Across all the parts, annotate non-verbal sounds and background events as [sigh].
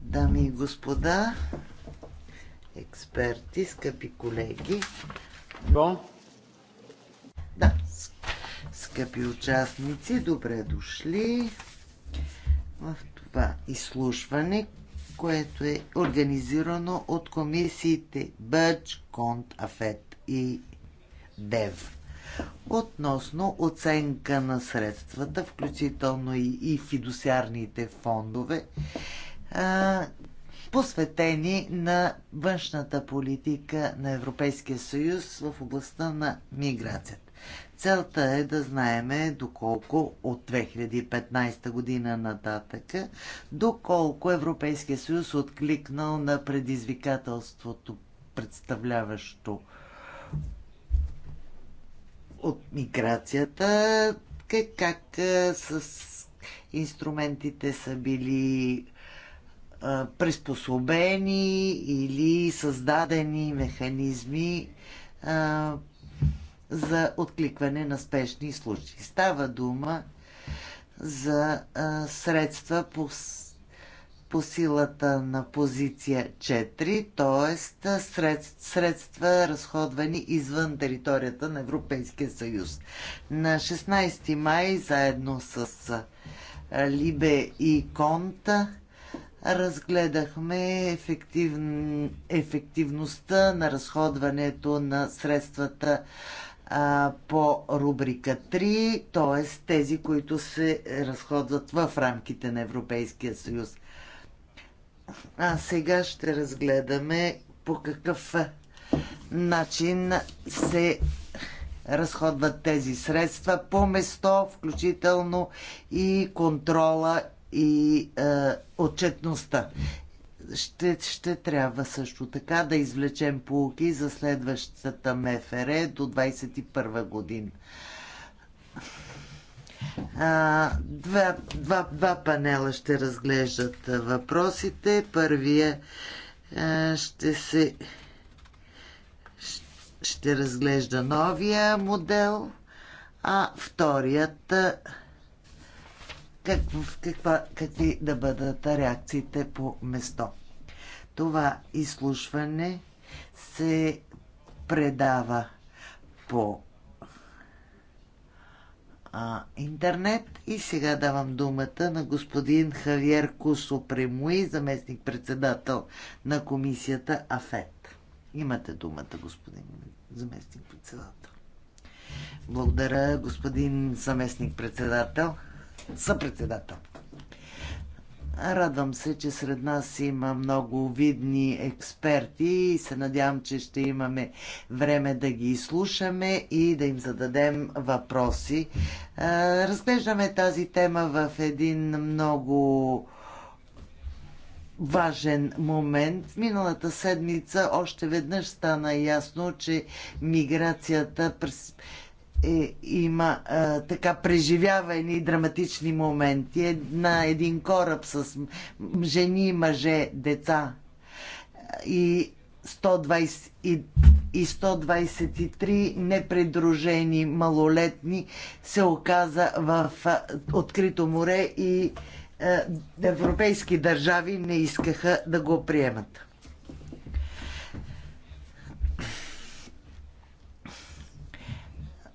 Дами и господа, експерти, скъпи колеги. Да, скъпи участници, добре дошли в това изслушване, което е организирано от комисиите Бъч, Конт, Афет и Дев относно оценка на средствата, включително и, и фидусярните фондове, а, посветени на външната политика на Европейския съюз в областта на миграцията. Целта е да знаеме доколко от 2015 година нататък, доколко Европейския съюз откликнал на предизвикателството, представляващо от миграцията, как, как с инструментите са били а, приспособени или създадени механизми а, за откликване на спешни случаи. Става дума за а, средства по по силата на позиция 4, т.е. средства разходвани извън територията на Европейския съюз. На 16 май заедно с Либе и Конта разгледахме ефектив... ефективността на разходването на средствата по рубрика 3, т.е. тези, които се разходват в рамките на Европейския съюз. А сега ще разгледаме по какъв начин се разходват тези средства по место, включително и контрола и е, отчетността. Ще, ще трябва също така да извлечем полуки за следващата МФР до 21 година. Два, два, два панела ще разглеждат въпросите. Първия ще се ще разглежда новия модел, а вторият как, каква, какви да бъдат реакциите по место. Това изслушване се предава по а, интернет. И сега давам думата на господин Хавиер Кусо Премуи, заместник-председател на комисията АФЕТ. Имате думата, господин заместник-председател. Благодаря, господин заместник-председател. Съпредседател. Радвам се, че сред нас има много видни експерти и се надявам, че ще имаме време да ги изслушаме и да им зададем въпроси. Е, разглеждаме тази тема в един много важен момент. Миналата седмица още веднъж стана ясно, че миграцията през е, има е, така преживява едни драматични моменти на един кораб с жени, мъже, деца и 120 и, и 123 непредружени малолетни се оказа в е, открито море и е, европейски държави не искаха да го приемат.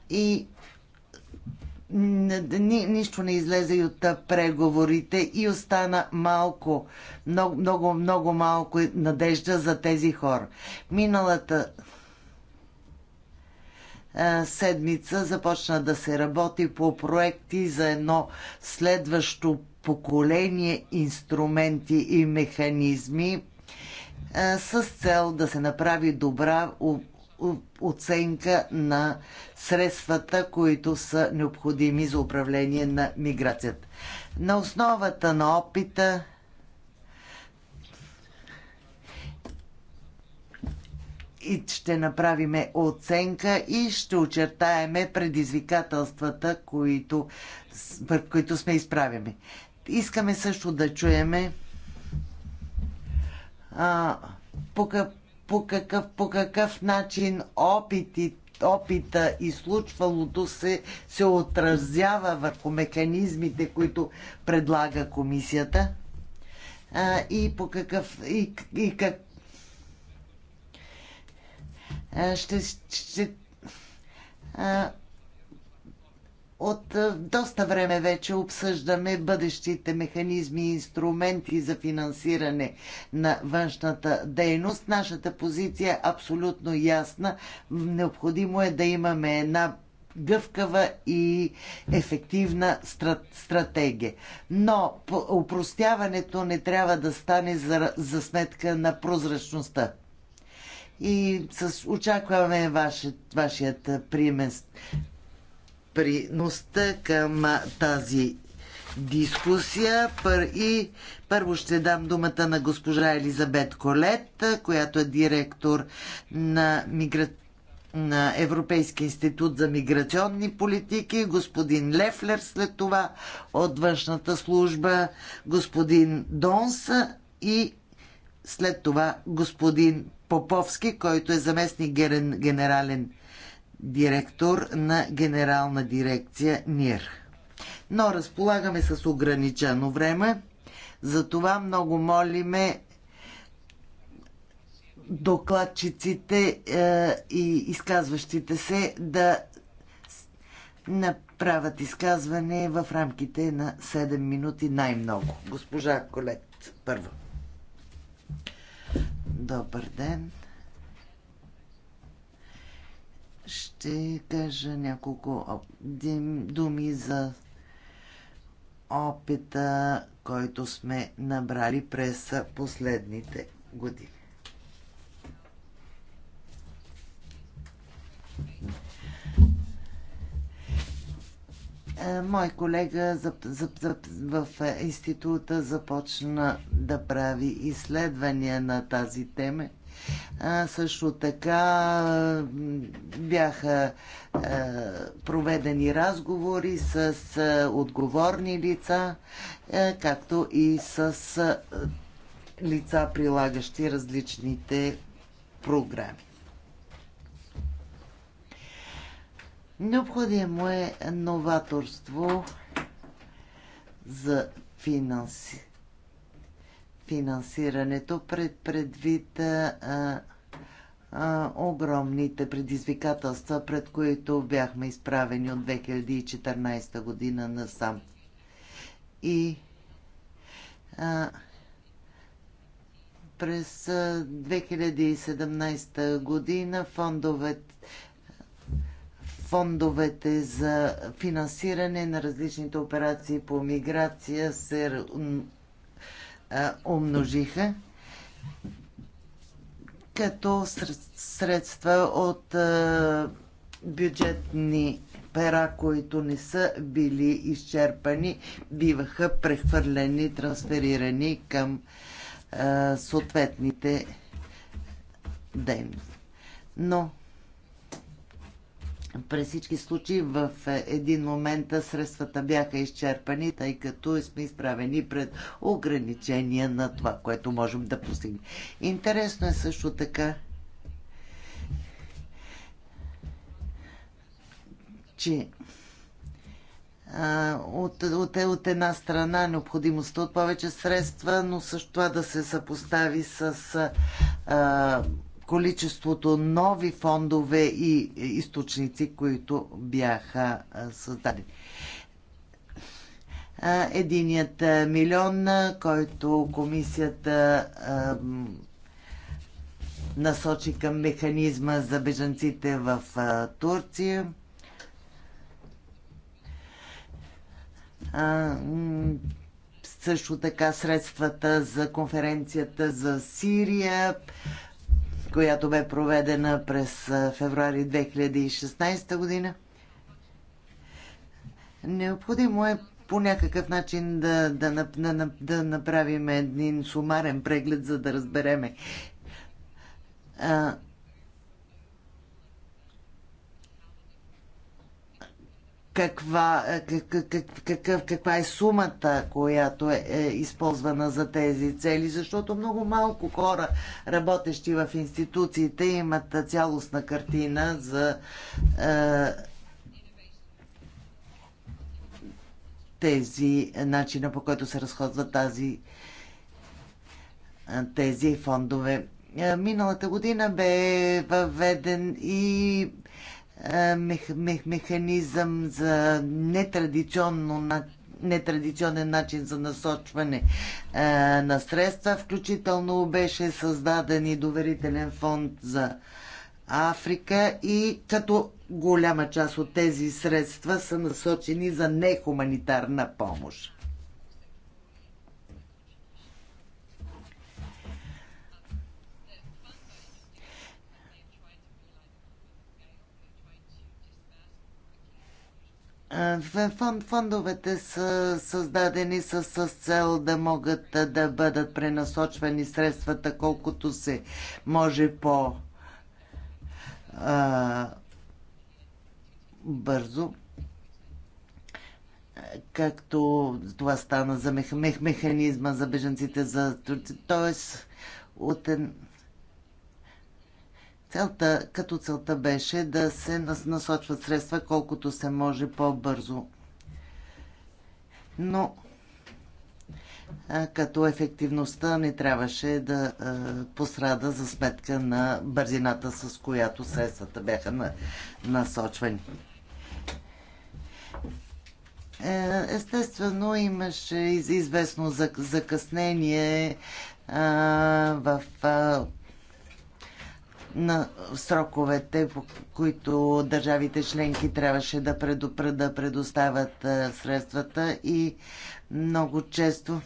и ни, нищо не излезе и от преговорите и остана малко, много, много, много малко надежда за тези хора. Миналата седмица започна да се работи по проекти за едно следващо поколение инструменти и механизми с цел да се направи добра оценка на средствата, които са необходими за управление на миграцията. На основата на опита и ще направиме оценка и ще очертаеме предизвикателствата, които, пред които сме изправени. Искаме също да чуеме а, по, по какъв, по какъв начин опити, опита и случвалото се, се отразява върху механизмите, които предлага комисията а, и по какъв и, и как а, ще, ще а, от е, доста време вече обсъждаме бъдещите механизми и инструменти за финансиране на външната дейност. Нашата позиция е абсолютно ясна. Необходимо е да имаме една гъвкава и ефективна стратегия. Но упростяването не трябва да стане за, за сметка на прозрачността и с, очакваме вашият, вашият е, примес приноста към тази дискусия. И първо ще дам думата на госпожа Елизабет Колет, която е директор на мигра... на Европейския институт за миграционни политики, господин Лефлер след това от външната служба, господин Донса и след това господин Поповски, който е заместник генерален директор на генерална дирекция НИР. Но разполагаме с ограничено време, затова много молиме докладчиците е, и изказващите се да направят изказване в рамките на 7 минути най-много. Госпожа Колет, първо. Добър ден. ще кажа няколко думи за опита, който сме набрали през последните години. Е, мой колега в института започна да прави изследвания на тази тема а, също така бяха а, проведени разговори с а, отговорни лица, а, както и с а, лица, прилагащи различните програми. Необходимо е новаторство за финанси финансирането пред предвид а, а, огромните предизвикателства, пред които бяхме изправени от 2014 година насам. И а, през 2017 година фондовете фондовете за финансиране на различните операции по миграция се умножиха като средства от бюджетни пера, които не са били изчерпани, биваха прехвърлени, трансферирани към съответните дейности. Но през всички случаи в един момент средствата бяха изчерпани, тъй като сме изправени пред ограничения на това, което можем да постигнем. Интересно е също така, че от, от, от една страна необходимостта от повече средства, но също това да се съпостави с а, количеството нови фондове и източници, които бяха създадени. Единият милион, който комисията насочи към механизма за бежанците в Турция. също така средствата за конференцията за Сирия, която бе проведена през февруари 2016 година. Необходимо е по някакъв начин да, да, да, да, да направим един сумарен преглед, за да разбереме а, каква, е, как, как, каква е сумата, която е, е използвана за тези цели, защото много малко хора, работещи в институциите, имат цялостна картина за е, тези е, начина по който се разходват тази, е, тези фондове. Миналата година бе въведен и е, мех, мех, механизъм за нетрадиционно на нетрадиционен начин за насочване е, на средства. Включително беше създаден и доверителен фонд за Африка и като голяма част от тези средства са насочени за нехуманитарна помощ. фондовете са създадени с, с цел да могат да бъдат пренасочвани средствата колкото се може по а, бързо както това стана за мех, мех, механизма за беженците за Тоест, от, Целта, като целта беше да се насочват средства колкото се може по-бързо. Но като ефективността не трябваше да пострада за сметка на бързината, с която средствата бяха насочвани. Е, естествено, имаше известно закъснение в на сроковете, по които държавите членки трябваше да, предупред, да предоставят е, средствата и много често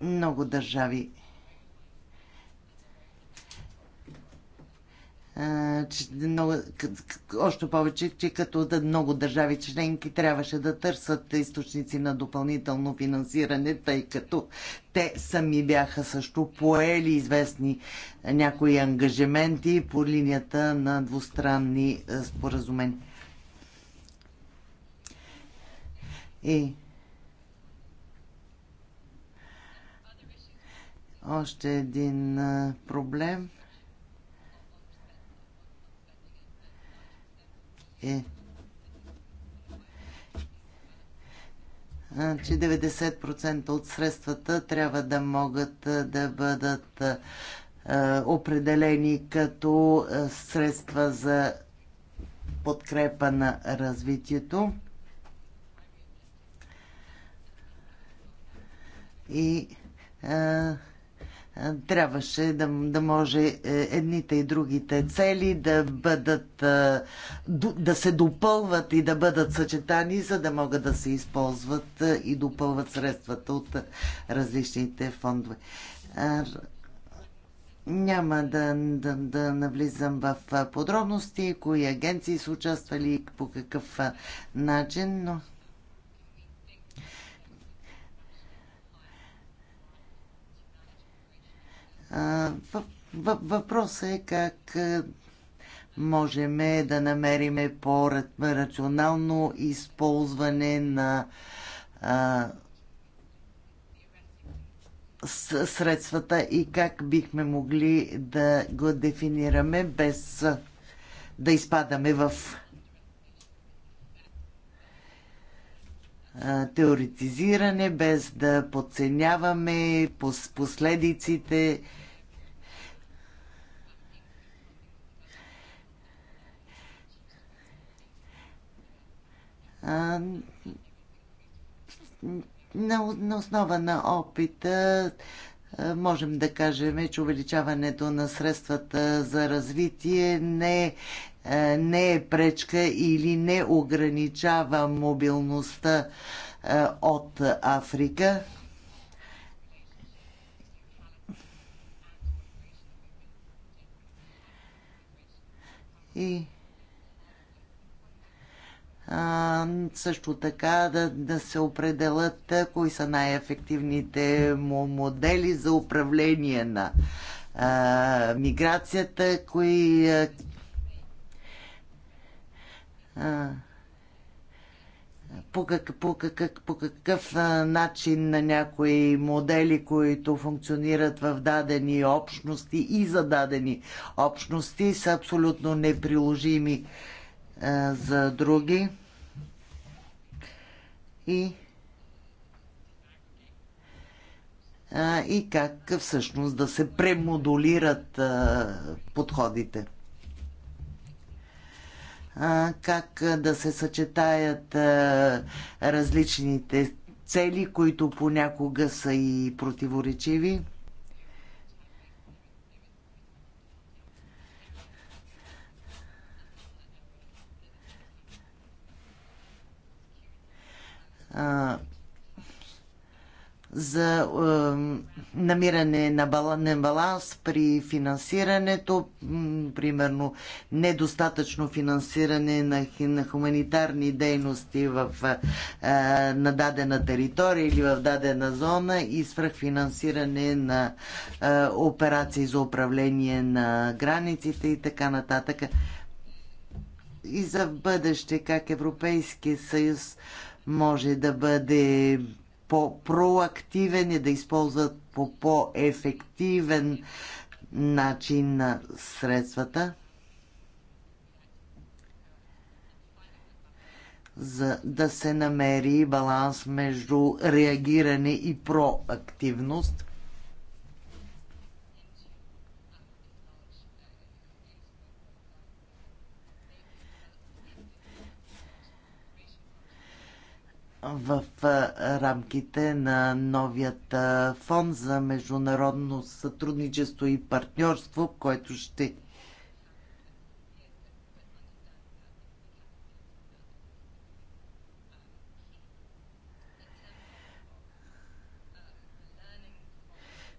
много държави много, още повече, че като много държави членки трябваше да търсят източници на допълнително финансиране, тъй като те сами бяха също поели известни някои ангажименти по линията на двустранни споразумения. И още един проблем – е че значи, 90% от средствата трябва да могат да бъдат определени като средства за подкрепа на развитието. И а, трябваше да, да може е, едните и другите цели да бъдат е, да се допълват и да бъдат съчетани, за да могат да се използват е, и допълват средствата от различните фондове. Няма да, да, да навлизам в подробности, кои агенции са участвали и по какъв начин, но Въпросът е как можем да намерим по-рационално използване на средствата и как бихме могли да го дефинираме без да изпадаме в теоретизиране, без да подценяваме последиците на, на основа на опита можем да кажем, че увеличаването на средствата за развитие не, не е пречка или не ограничава мобилността от Африка. И а, също така да, да се определят кои са най-ефективните му модели за управление на а, миграцията, кои а, а, по, как, по, как, по какъв начин на някои модели, които функционират в дадени общности и за дадени общности, са абсолютно неприложими за други и и как всъщност да се премодулират подходите. Как да се съчетаят различните цели, които понякога са и противоречиви. за а, намиране на баланс при финансирането, примерно недостатъчно финансиране на, на хуманитарни дейности в, а, на дадена територия или в дадена зона и свръхфинансиране на а, операции за управление на границите и така нататък. И за бъдеще как Европейския съюз може да бъде по-проактивен и да използват по по-ефективен начин на средствата, за да се намери баланс между реагиране и проактивност. в рамките на новият фонд за международно сътрудничество и партньорство, който ще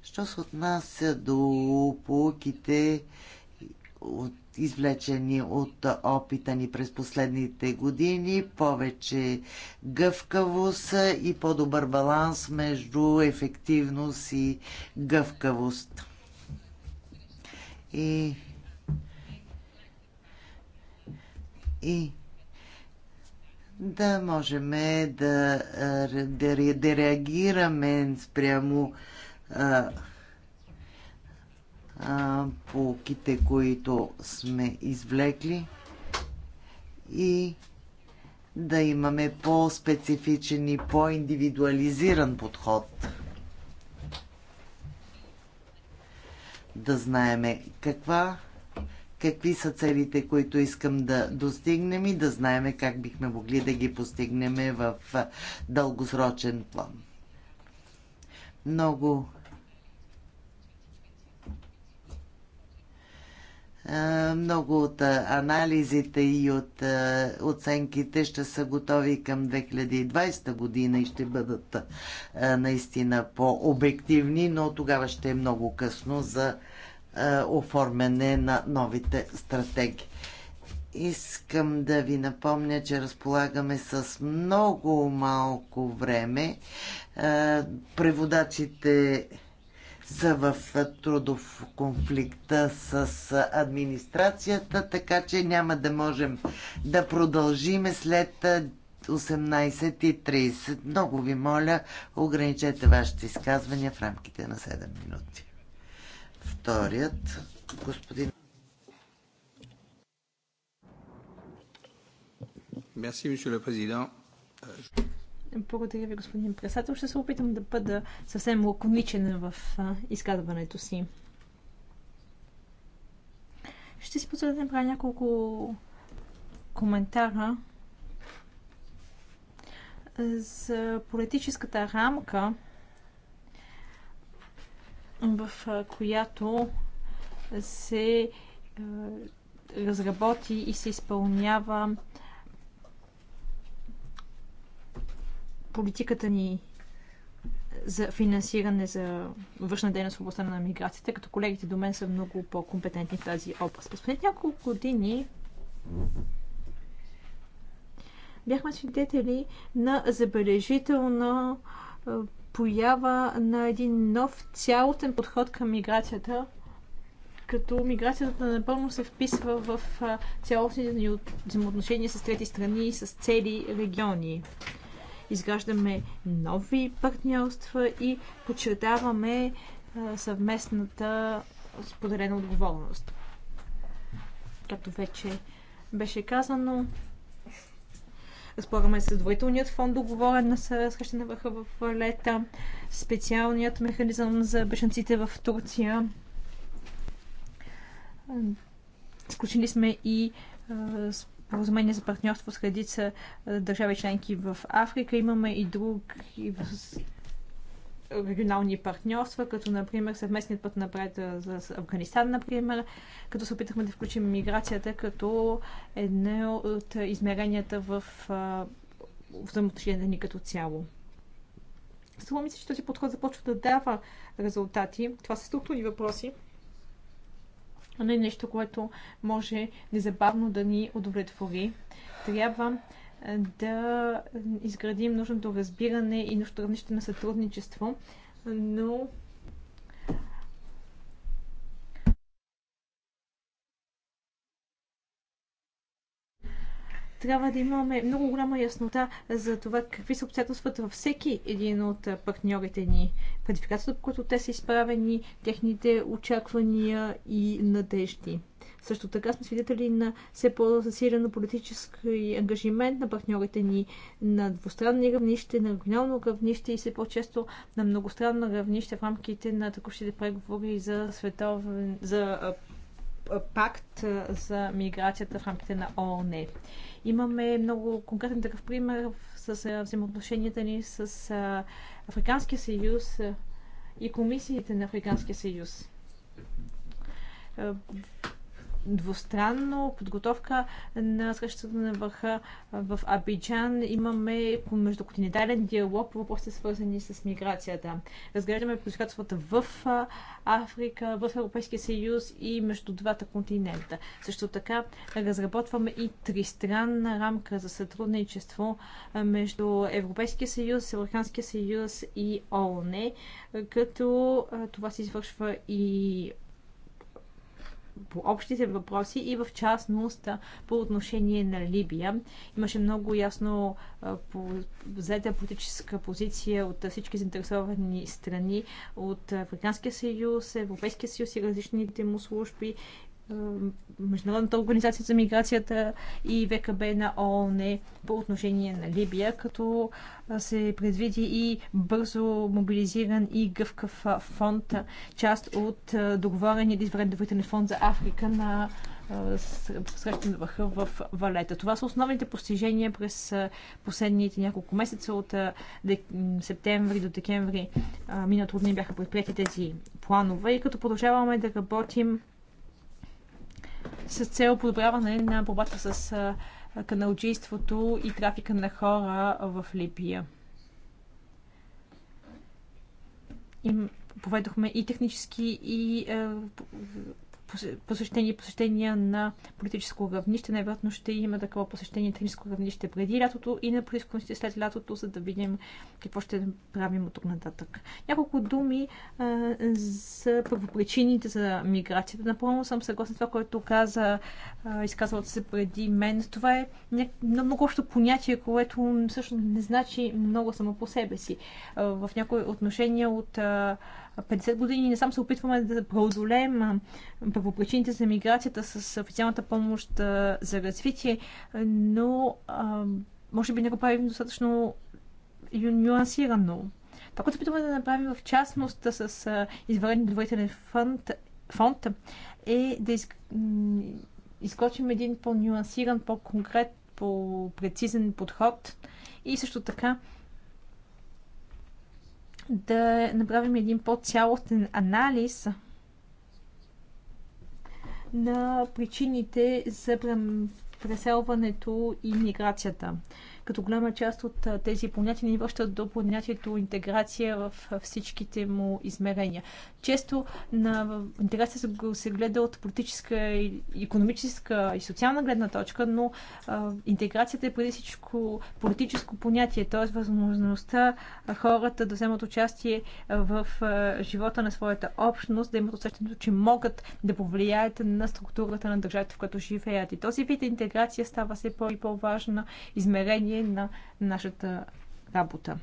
Що се отнася до полуките от извлечени от опита ни през последните години, повече гъвкавост и по-добър баланс между ефективност и гъвкавост. И, и да можем да, да, да реагираме спрямо а, а, полките, които сме извлекли и да имаме по-специфичен и по-индивидуализиран подход. Да знаеме каква, какви са целите, които искам да достигнем и да знаеме как бихме могли да ги постигнем в дългосрочен план. Много Много от анализите и от оценките ще са готови към 2020 година и ще бъдат наистина по-обективни, но тогава ще е много късно за оформяне на новите стратегии. Искам да ви напомня, че разполагаме с много малко време. Преводачите са в трудов конфликт с администрацията, така че няма да можем да продължиме след 18.30. Много ви моля, ограничете вашите изказвания в рамките на 7 минути. Вторият, господин. Merci, monsieur le président. Благодаря ви, господин председател. Ще се опитам да бъда съвсем лаконичен в изказването си. Ще си позволя да направя няколко коментара за политическата рамка, в която се разработи и се изпълнява политиката ни за финансиране за външна дейност в областта на миграцията, като колегите до мен са много по-компетентни в тази област. През няколко години бяхме свидетели на забележителна поява на един нов цялостен подход към миграцията, като миграцията напълно се вписва в цялостни взаимоотношения с трети страни и с цели региони изграждаме нови партньорства и подчертаваме съвместната споделена отговорност. Както вече беше казано, разполагаме с двоителният фонд, договорен на срещане на върха в лета, специалният механизъм за бешенците в Турция. Сключили сме и споразумение за партньорство с редица държави членки в Африка. Имаме и други регионални партньорства, като например съвместният път напред за Афганистан, например, като се опитахме да включим миграцията като едно от измеренията в взаимоотношенията ни като цяло. Струва ми се, че този подход започва да дава резултати. Това са структурни въпроси, а не нещо, което може незабавно да ни удовлетвори. Трябва да изградим нужното разбиране и нужното равнище на сътрудничество, но трябва да имаме много голяма яснота за това какви са обстоятелствата във всеки един от партньорите ни, предификацията, по които те са изправени, техните очаквания и надежди. Също така сме свидетели на все по-засилено политически ангажимент на партньорите ни на двустранни равнище, на регионално равнище и все по-често на многостранно равнище в рамките на такъвщите преговори за, световен, за пакт за миграцията в рамките на ООН. Имаме много конкретен такъв пример с взаимоотношенията ни с Африканския съюз и комисиите на Африканския съюз двустранно подготовка на срещата на върха в Абиджан. Имаме междуконтинентален диалог по въпросите свързани с миграцията. Разглеждаме предизвикателствата в Африка, в Европейския съюз и между двата континента. Също така разработваме и тристранна рамка за сътрудничество между Европейския съюз, Европейския съюз и ООН, като това се извършва и по общите въпроси и в частност по отношение на Либия. Имаше много ясно по, взета политическа позиция от всички заинтересовани страни, от Африканския съюз, Европейския съюз и различните му служби Международната организация за миграцията и ВКБ на ООН е по отношение на Либия, като се предвиди и бързо мобилизиран и гъвкав фонд, част от договорения извредовителен фонд за Африка на срещу на върха в Валета. Това са основните постижения през последните няколко месеца от септември до декември Минато дни бяха предприяти тези планове и като продължаваме да работим с цел подобряване на борбата с каналджийството и трафика на хора в Либия. Им проведохме и технически, и посещения, посещения на политическо равнище. Най-вероятно ще има такова посещение на техническо равнище преди лятото и на политическо след лятото, за да видим какво ще правим от тук нататък. Няколко думи а, за първопричините за миграцията. Напълно съм съгласна с това, което каза изказалата се преди мен. Това е много общо понятие, което всъщност не значи много само по себе си. В някои отношения от а, 50 години не сам се опитваме да преодолеем първопричините за миграцията с официалната помощ за развитие, но може би не го правим достатъчно нюансирано. Това, което опитваме да направим в частност с извънреден доверителен фонд, фонд е да из... изкочим един по-нюансиран, по-конкрет, по-прецизен подход и също така да направим един по-цялостен анализ на причините за преселването и миграцията като голяма част от тези понятия ни връщат до понятието интеграция в всичките му измерения. Често на интеграция се гледа от политическа, економическа и социална гледна точка, но интеграцията е преди всичко политическо понятие, т.е. възможността хората да вземат участие в живота на своята общност, да имат усещането, че могат да повлияят на структурата на държавата, в която живеят. И този вид интеграция става все по- и по-важна измерение изпълнение на нашата работа.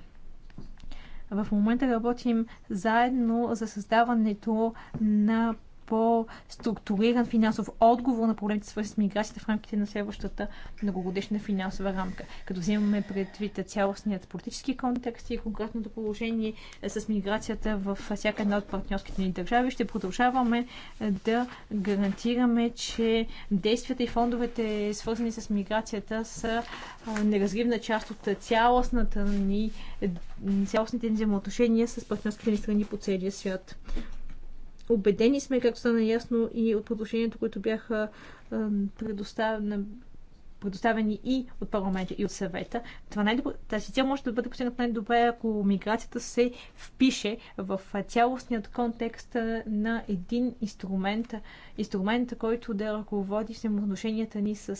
В момента работим заедно за създаването на по-структуриран финансов отговор на проблемите, свързани с миграцията в рамките на следващата многогодишна финансова рамка. Като взимаме предвид цялостният политически контекст и конкретното положение е, с миграцията в всяка една от партньорските ни държави, ще продължаваме е, да гарантираме, че действията и фондовете, свързани с миграцията, са е, неразривна част от цялостната ни, цялостните ни взаимоотношения с партньорските ни страни по целия свят. Обедени сме, както стана ясно и от предложението, които бяха предоставени предоставени и от парламента, и от съвета. Това най тази цел може да бъде постигната най-добре, ако миграцията се впише в цялостният контекст на един инструмент, инструмент, който да ръководи взаимоотношенията ни с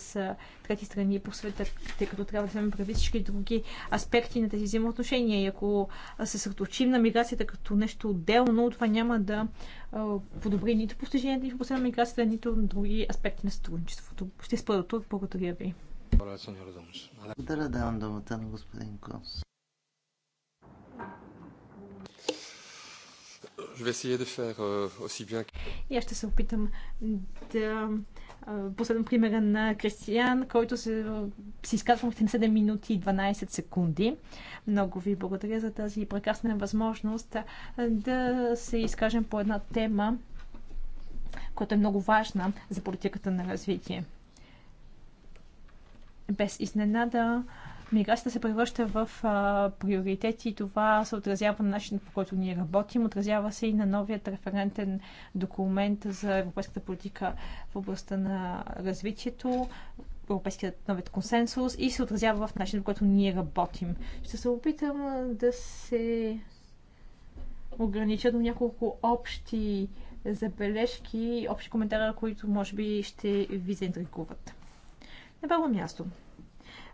трети страни по света, тъй като трябва да вземем прави всички други аспекти на тези взаимоотношения. И ако се съсредоточим на миграцията като нещо отделно, това няма да подобри нито постиженията, нито на миграцията, нито други аспекти на сътрудничеството. Ще спра тук. Благодаря ви. Благодаря, давам думата на господин Конс. Je vais essayer de faire euh, aussi bien. И аз ще се опитам да е, Последно примера е на Кристиян, който се, се изказва в 7 минути и 12 секунди. Много ви благодаря за тази прекрасна възможност е, да се изкажем по една тема, която е много важна за политиката на развитие. Без изненада, миграцията се превръща в а, приоритет и това се отразява на начинът по който ние работим. Отразява се и на новият референтен документ за европейската политика в областта на развитието, европейският новият консенсус и се отразява в начинът по който ние работим. Ще се опитам да се огранича до няколко общи забележки, общи коментари, които може би ще ви заинтригуват. На първо място –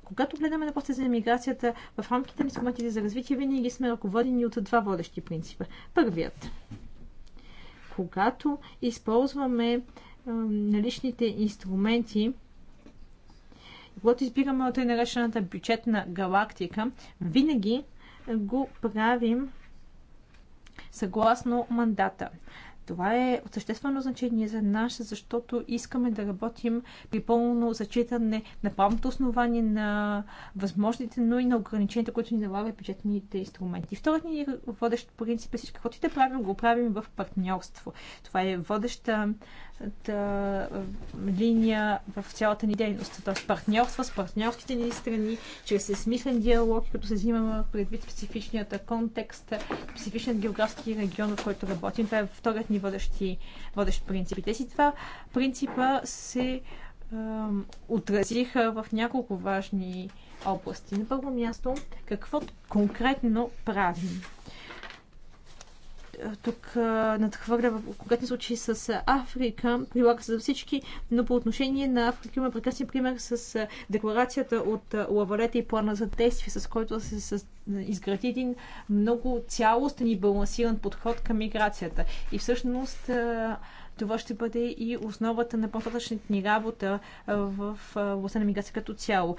когато гледаме на после за емиграцията в рамките на инструментите за развитие, винаги сме ръководени от два водещи принципа. Първият. Когато използваме наличните инструменти, когато избираме от наречената бюджетна галактика, винаги го правим съгласно мандата. Това е от съществено значение за нас, защото искаме да работим при пълно зачитане на правното основание на възможните, но и на ограниченията, които ни налагат бюджетните инструменти. Вторият ни водещ принцип е всичко, което и да правим, го правим в партньорство. Това е водеща линия в цялата ни дейност. Т.е. партньорства с партньорските ни страни, чрез смислен диалог, като се взимаме предвид специфичният контекст, специфичният географски регион, в който работим. Това е вторият ни водещи, водещ принцип. И тези два принципа се отразиха в няколко важни области. На първо място, какво конкретно правим? тук надхвърля в конкретни случаи с Африка, прилага се за всички, но по отношение на Африка има прекрасен пример с декларацията от Лавалета и плана за действие, с който се изгради един много цялостен и балансиран подход към миграцията. И всъщност това ще бъде и основата на по-нататъчната ни работа в областта на миграция като цяло.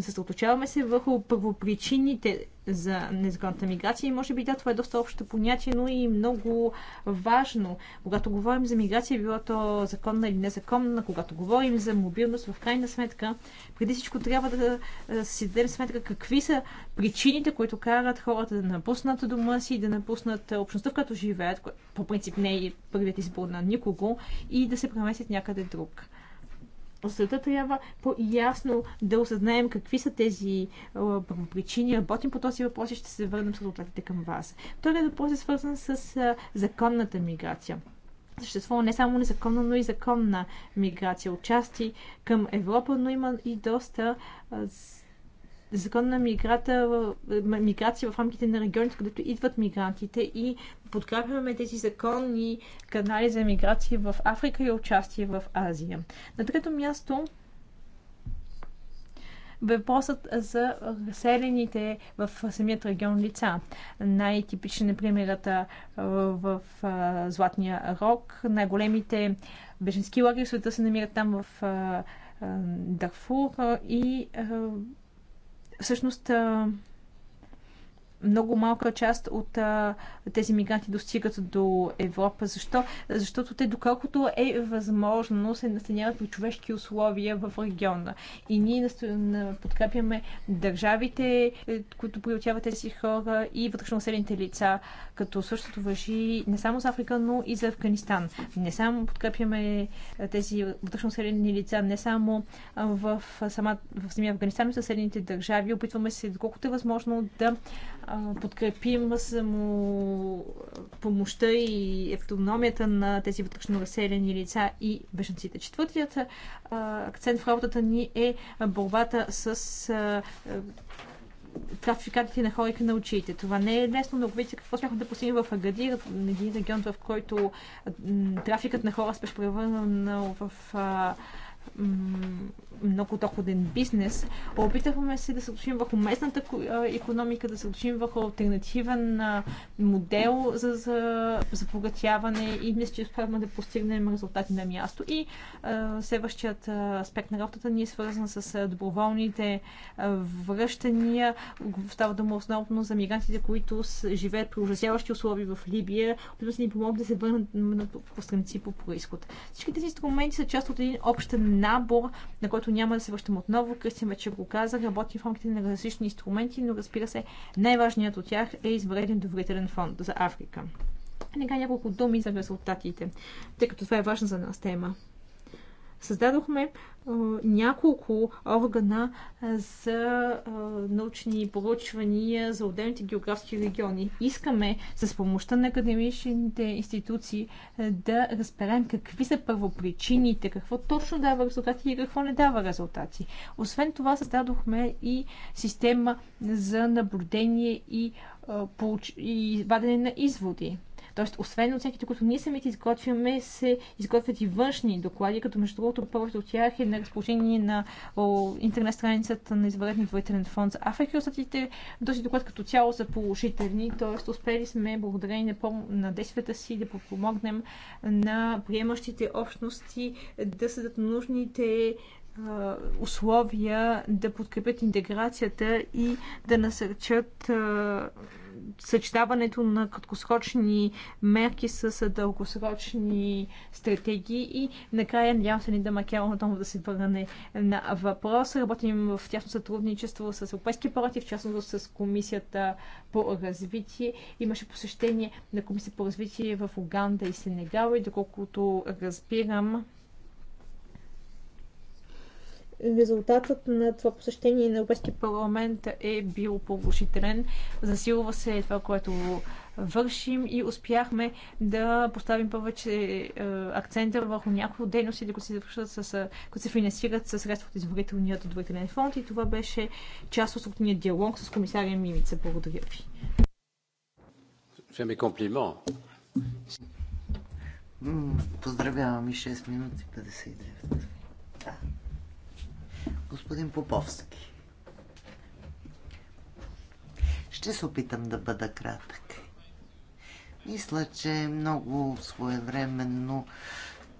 Съсредоточаваме се върху първопричините за незаконната миграция. И може би да, това е доста общо понятие, но и много важно. Когато говорим за миграция, било то законна или незаконна, когато говорим за мобилност, в крайна сметка, преди всичко трябва да, да си дадем сметка какви са причините, които карат хората да напуснат дома си, да напуснат общността, в която живеят, по принцип не е първият избор на никого, и да се преместят някъде друг. Съда трябва по-ясно да осъзнаем какви са тези причини. Работим по този въпрос и ще се върнем с резултатите към вас. Вторият въпрос е свързан с законната миграция съществува не само незаконна, но и законна миграция от части към Европа, но има и доста законна миграта, миграция в рамките на регионите, където идват мигрантите и подкрепяме тези законни канали за миграция в Африка и участие в Азия. На трето място въпросът за селените в самият регион лица. Най-типичен е примерът в Златния рог. Най-големите беженски лагери в света се намират там в Дарфур и всъщност много малка част от а, тези мигранти достигат до Европа. Защо? Защото те, доколкото е възможно, се настаняват при човешки условия в региона. И ние подкрепяме държавите, е, които приютяват тези хора и вътрешно населените лица, като същото въжи не само за Африка, но и за Афганистан. Не само подкрепяме е, тези вътрешно населени лица, не само в, сама, в самия Афганистан, но и съседните държави. Опитваме се, доколкото е възможно, да подкрепим само помощта и автономията на тези вътрешно разселени лица и бежанците. Четвъртият акцент в работата ни е борбата с трафикатите на хора и очите. Това не е лесно, но видите какво сме да постигнем в Агадир, един регион, в който трафикът на хора спеш превърнал в а, много доходен бизнес. Опитахме се да се отучим върху местната економика, да се отучим върху альтернативен модел за, за, за и мисля, че успяваме да постигнем резултати на място. И а, следващият аспект на работата ни е свързан с доброволните връщания. Става дума основно за мигрантите, които живеят при ужасяващи условия в Либия. които са ни помогнат да се върнат по страници по происход. Всички тези инструменти са част от един общ набор, на който няма да се връщам отново. Кристин вече го каза, работи в рамките на различни инструменти, но разбира се, най-важният от тях е извреден доверителен фонд за Африка. Нега няколко думи за резултатите, тъй като това е важна за нас тема. Създадохме няколко органа за научни поручвания за отделните географски региони. Искаме с помощта на академичните институции да разберем какви са първопричините, какво точно дава резултати и какво не дава резултати. Освен това създадохме и система за наблюдение и, и вадене на изводи. Тоест, освен оценките, които ние самите изготвяме, се изготвят и външни доклади, като между другото повечето от тях е на разположение на интернет страницата на извънредния двойтелен фонд за Африка. Остатите този доклад като цяло са положителни, т.е. успели сме благодарение на, на действията си да помогнем на приемащите общности да съдат нужните условия да подкрепят интеграцията и да насърчат съчетаването на краткосрочни мерки с дългосрочни стратегии и накрая надявам се ни да макарам отново да се върне на въпрос. Работим в тясно сътрудничество с Европейския парламент и в частност с Комисията по развитие. Имаше посещение на Комисията по развитие в Уганда и Сенегал и доколкото разбирам, резултатът на това посещение на Европейския парламент е бил положителен. Засилва се това, което вършим и успяхме да поставим повече е, акцента върху някои от дейностите, които се, с, е, които се финансират със средства от изборителния отвратителен фонд и това беше част от структурния диалог с комисария Мимица. Благодаря ви. Поздравявам и 6 минути 59 господин Поповски. Ще се опитам да бъда кратък. Мисля, че е много своевременно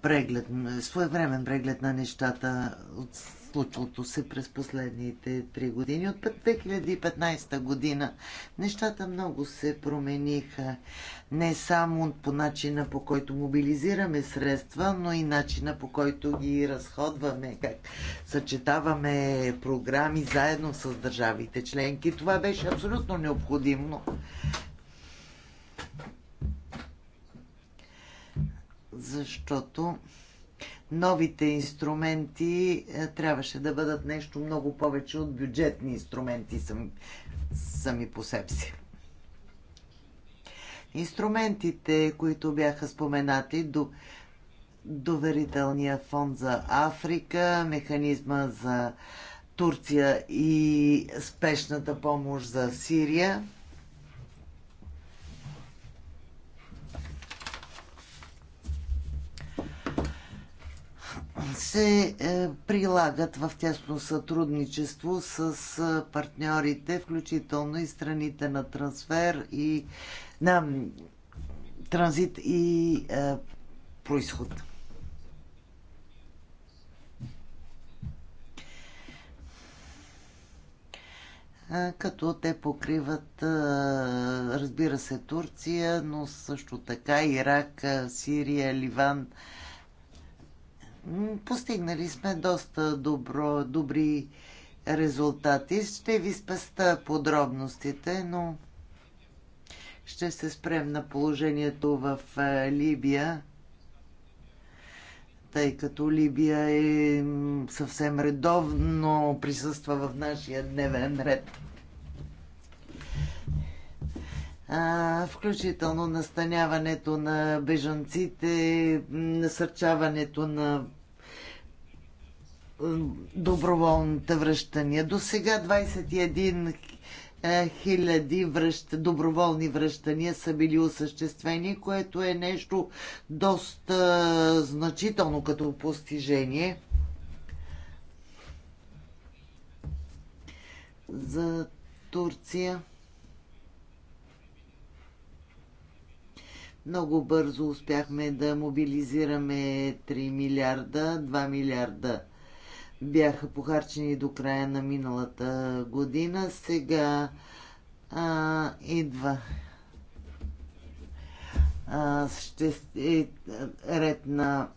преглед, своевремен преглед на нещата от случилото се през последните три години. От 2015 година нещата много се промениха. Не само по начина по който мобилизираме средства, но и начина по който ги разходваме, как съчетаваме програми заедно с държавите членки. Това беше абсолютно необходимо. Защото новите инструменти е, трябваше да бъдат нещо много повече от бюджетни инструменти сами, сами по себе си. Инструментите, които бяха споменати, до, доверителния фонд за Африка, механизма за Турция и спешната помощ за Сирия. се е, прилагат в тясно сътрудничество с е, партньорите, включително и страните на трансфер и на транзит и е, происход. Е, като те покриват, разбира се, Турция, но също така Ирак, Сирия, Ливан, Постигнали сме доста добро, добри резултати. Ще ви спеста подробностите, но ще се спрем на положението в е, Либия, тъй като Либия е съвсем редовно присъства в нашия дневен ред включително настаняването на бежанците, насърчаването на доброволните връщания. До сега 21 е, хиляди връщ, доброволни връщания са били осъществени, което е нещо доста е, значително като постижение. За Турция. Много бързо успяхме да мобилизираме 3 милиарда, 2 милиарда бяха похарчени до края на миналата година. Сега а, идва а, ще, и, е, ред на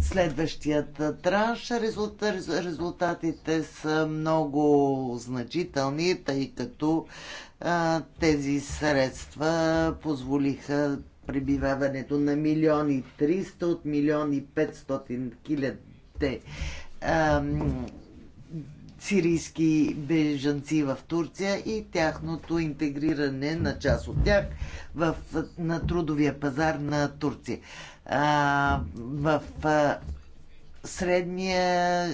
следващият транш. Резултат, резултатите са много значителни, тъй като тези средства позволиха пребиваването на милиони 300 от милиони 500 хиляди сирийски бежанци в Турция и тяхното интегриране на част от тях в, на трудовия пазар на Турция. А, в а, средния,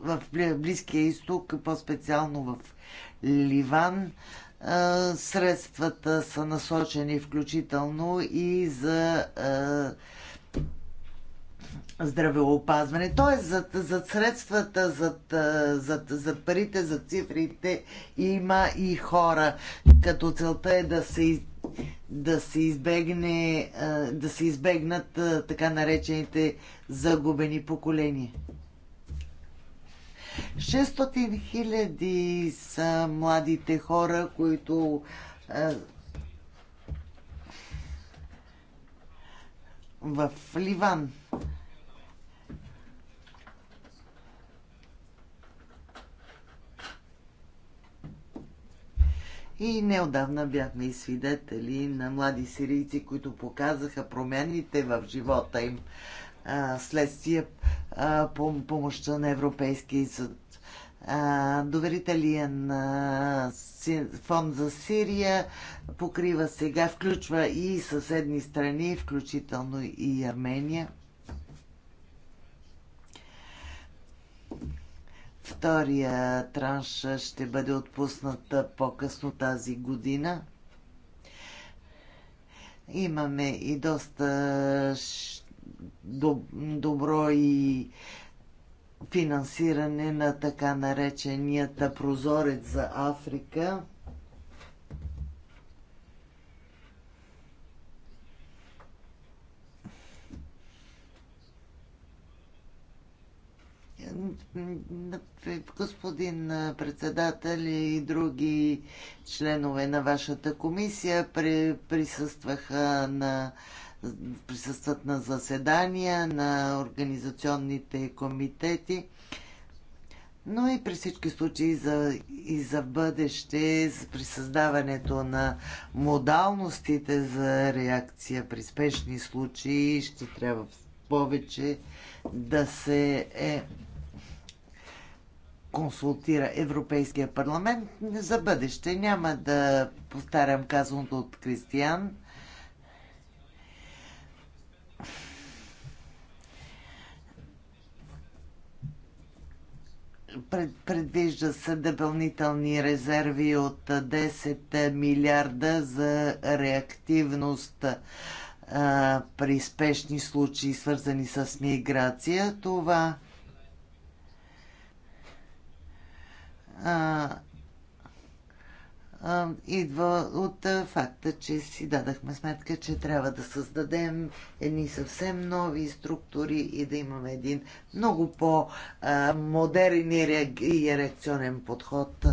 в Близкия изток, по-специално в Ливан, средствата са насочени включително и за здравеопазване. Тоест, за, зад средствата, за за, за парите, за цифрите има и хора. Като целта е да се, да се, избегне, да се избегнат така наречените загубени поколения. 600 хиляди са младите хора, които е, в Ливан. И неодавна бяхме и свидетели на млади сирийци, които показаха промените в живота им следствие по помощта на Европейския съд. Доверителен фонд за Сирия покрива сега, включва и съседни страни, включително и Армения. Втория транш ще бъде отпуснат по-късно тази година. Имаме и доста добро и финансиране на така нареченията прозорец за Африка. господин председател и други членове на вашата комисия присъстваха на присъстват на заседания на организационните комитети, но и при всички случаи за, и за бъдеще, при създаването на модалностите за реакция при спешни случаи, ще трябва повече да се е консултира Европейския парламент за бъдеще. Няма да повтарям казаното от Кристиян. пред, предвижда се допълнителни резерви от 10 милиарда за реактивност а, при спешни случаи, свързани с миграция. Това а, идва от факта, че си дадахме сметка, че трябва да създадем едни съвсем нови структури и да имаме един много по-модерен и реакционен подход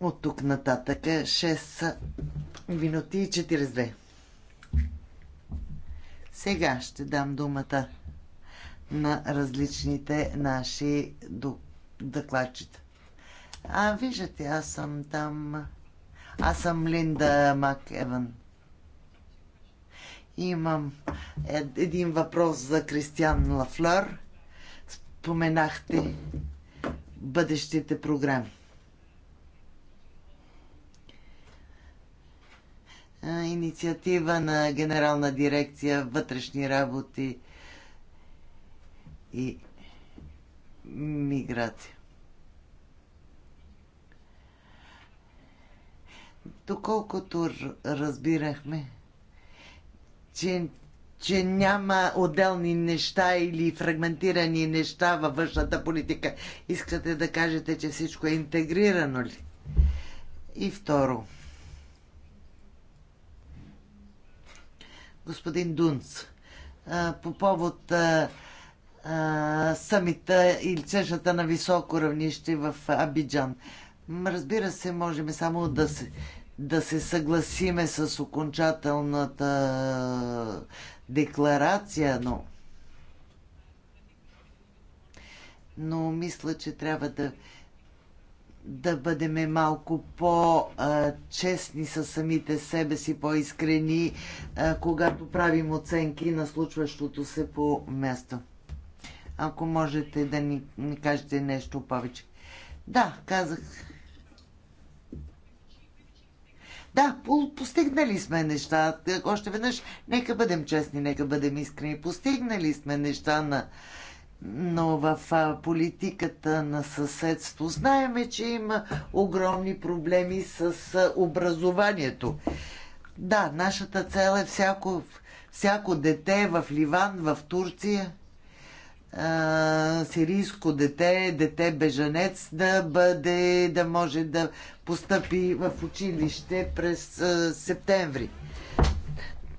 от тук нататък. 6 е минути и 42. Сега ще дам думата на различните наши докладчета. А, виждате, аз съм там. Аз съм Линда Макеван. Имам един въпрос за Кристиан Лафлер. Споменахте бъдещите програми. Инициатива на Генерална дирекция вътрешни работи и миграция. доколкото разбирахме, че, че няма отделни неща или фрагментирани неща във външната политика. Искате да кажете, че всичко е интегрирано ли? И второ. Господин Дунц, по повод самита или срещата на високо равнище в Абиджан. Разбира се, можем само да се да се съгласиме с окончателната декларация, но но мисля, че трябва да да бъдем малко по-честни със самите себе си, по-искрени, когато правим оценки на случващото се по място. Ако можете да ни, ни кажете нещо повече. Да, казах. Да, постигнали сме неща. Още веднъж, нека бъдем честни, нека бъдем искрени. Постигнали сме неща на но в политиката на съседство знаеме, че има огромни проблеми с образованието. Да, нашата цел е всяко, всяко дете в Ливан, в Турция а, сирийско дете, дете бежанец да бъде, да може да постъпи в училище през а, септември.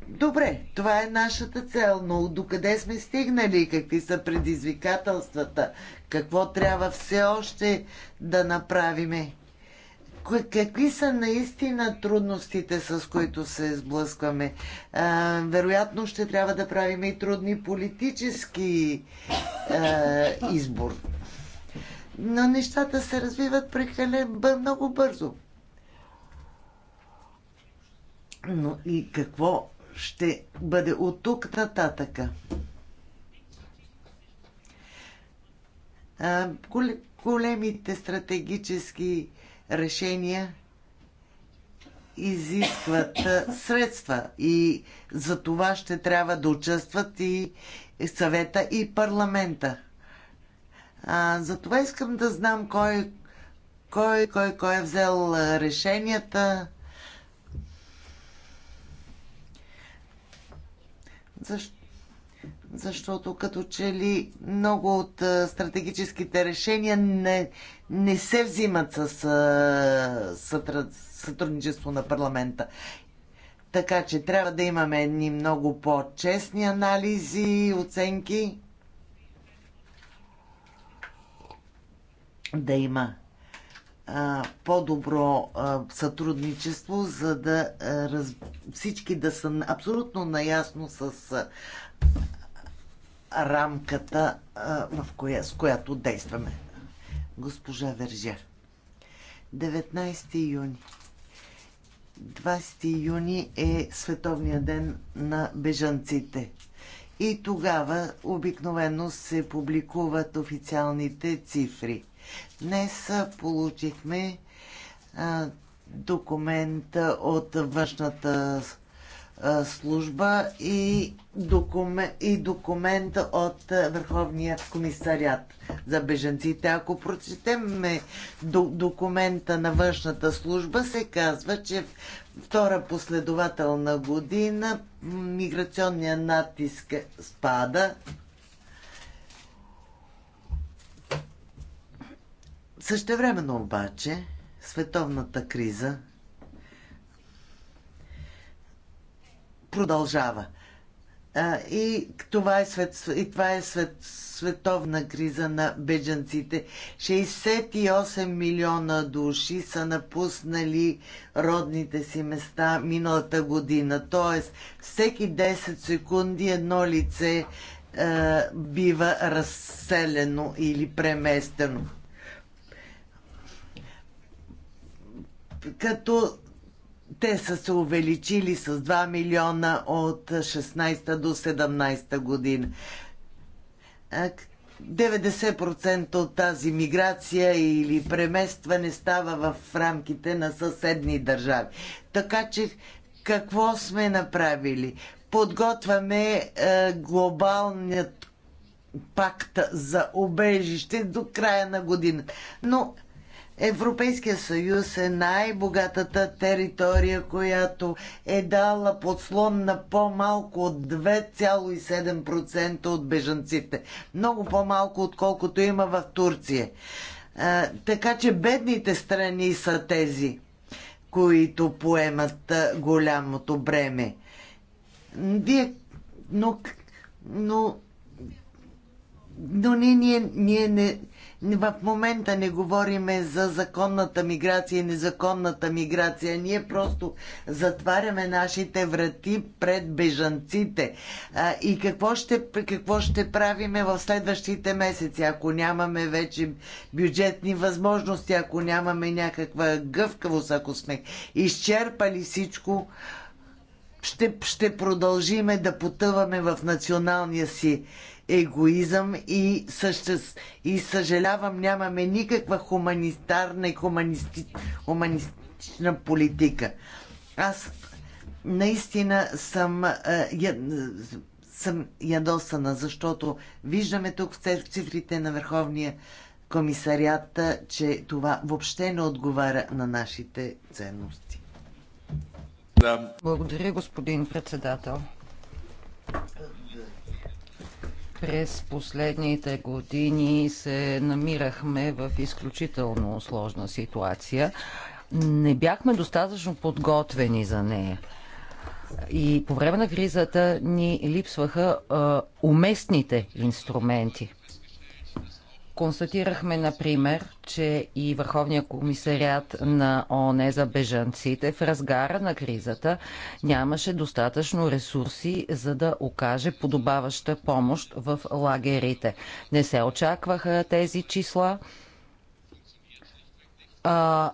Добре, това е нашата цел, но докъде сме стигнали, какви са предизвикателствата, какво трябва все още да направиме? какви са наистина трудностите, с които се сблъскваме? вероятно ще трябва да правим и трудни политически избор. Но нещата се развиват прекалено много бързо. Но и какво ще бъде от тук нататъка? големите стратегически решения изискват средства и за това ще трябва да участват и съвета и парламента. А, за това искам да знам кой, кой, кой, кой е взел решенията. Защо? защото като че ли много от стратегическите решения не, не се взимат с сътрудничество на парламента. Така че трябва да имаме едни много по-честни анализи, оценки. Да има по-добро сътрудничество, за да раз... всички да са абсолютно наясно с рамката, в коя, с която действаме. Госпожа Вержер. 19 юни. 20 юни е Световния ден на бежанците. И тогава обикновено се публикуват официалните цифри. Днес получихме а, документа от външната служба и, документ, и документа от Върховния комисарят за беженците. Ако прочетем документа на външната служба, се казва, че втора последователна година миграционния натиск спада. Същевременно обаче световната криза – продължава. И това е, свет, и това е свет, световна криза на бежанците. 68 милиона души са напуснали родните си места миналата година. Тоест, всеки 10 секунди едно лице а, бива разселено или преместено. Като те са се увеличили с 2 милиона от 16 до 17 година. 90% от тази миграция или преместване става в рамките на съседни държави. Така че какво сме направили? Подготвяме е, глобалният пакт за обежище до края на година. Но Европейския съюз е най-богатата територия, която е дала подслон на по-малко от 2,7% от бежанците. Много по-малко, отколкото има в Турция. А, така че бедните страни са тези, които поемат голямото бреме. Вие, но, но, но ние, ние, ние не в момента не говориме за законната миграция и незаконната миграция. Ние просто затваряме нашите врати пред бежанците. А, и какво ще, какво ще правиме в следващите месеци, ако нямаме вече бюджетни възможности, ако нямаме някаква гъвкавост, ако сме изчерпали всичко, ще, ще продължиме да потъваме в националния си егоизъм и, съще... и съжалявам, нямаме никаква хуманитарна и хуманисти... хуманистична политика. Аз наистина съм, я... съм ядосана, защото виждаме тук в цифрите на Върховния комисарият, че това въобще не отговаря на нашите ценности. Да. Благодаря, господин председател. През последните години се намирахме в изключително сложна ситуация. Не бяхме достатъчно подготвени за нея. И по време на кризата ни липсваха а, уместните инструменти. Констатирахме, например, че и Върховният комисариат на ОНЕ за бежанците в разгара на кризата нямаше достатъчно ресурси, за да окаже подобаваща помощ в лагерите. Не се очакваха тези числа. А,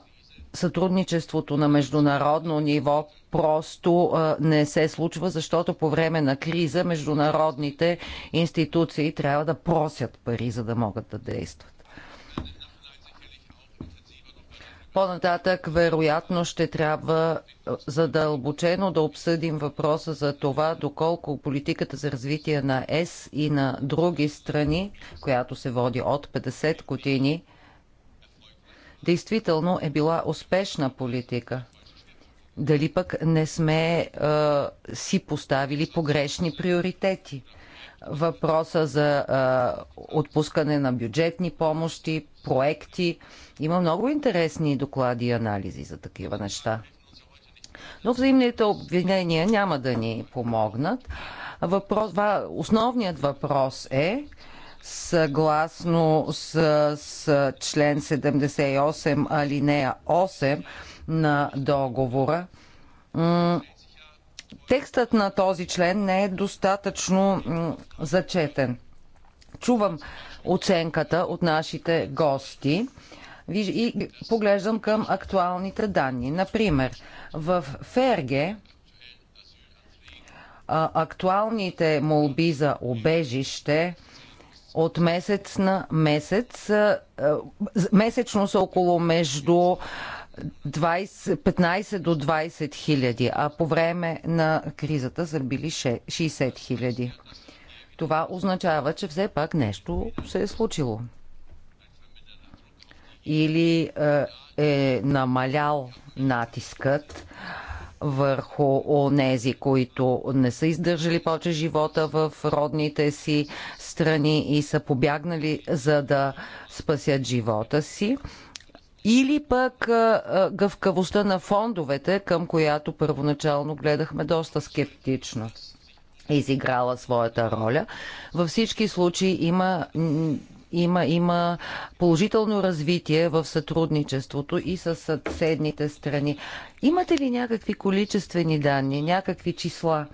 сътрудничеството на международно ниво просто не се случва, защото по време на криза международните институции трябва да просят пари, за да могат да действат. По-нататък, вероятно, ще трябва задълбочено да обсъдим въпроса за това, доколко политиката за развитие на ЕС и на други страни, която се води от 50 години, действително е била успешна политика. Дали пък не сме а, си поставили погрешни приоритети? Въпроса за а, отпускане на бюджетни помощи, проекти. Има много интересни доклади и анализи за такива неща. Но взаимните обвинения няма да ни помогнат. Въпрос, основният въпрос е съгласно с, с член 78 алинея 8 на договора. Текстът на този член не е достатъчно зачетен. Чувам оценката от нашите гости и поглеждам към актуалните данни. Например, в Ферге актуалните молби за обежище – от месец на месец. Месечно са около между 20, 15 до 20 хиляди, а по време на кризата са били 60 хиляди. Това означава, че все пак нещо се е случило. Или е намалял натискът върху онези, които не са издържали повече живота в родните си страни и са побягнали за да спасят живота си или пък гъвкавостта на фондовете, към която първоначално гледахме доста скептично изиграла своята роля. Във всички случаи има, има, има положително развитие в сътрудничеството и с съседните страни. Имате ли някакви количествени данни, някакви числа?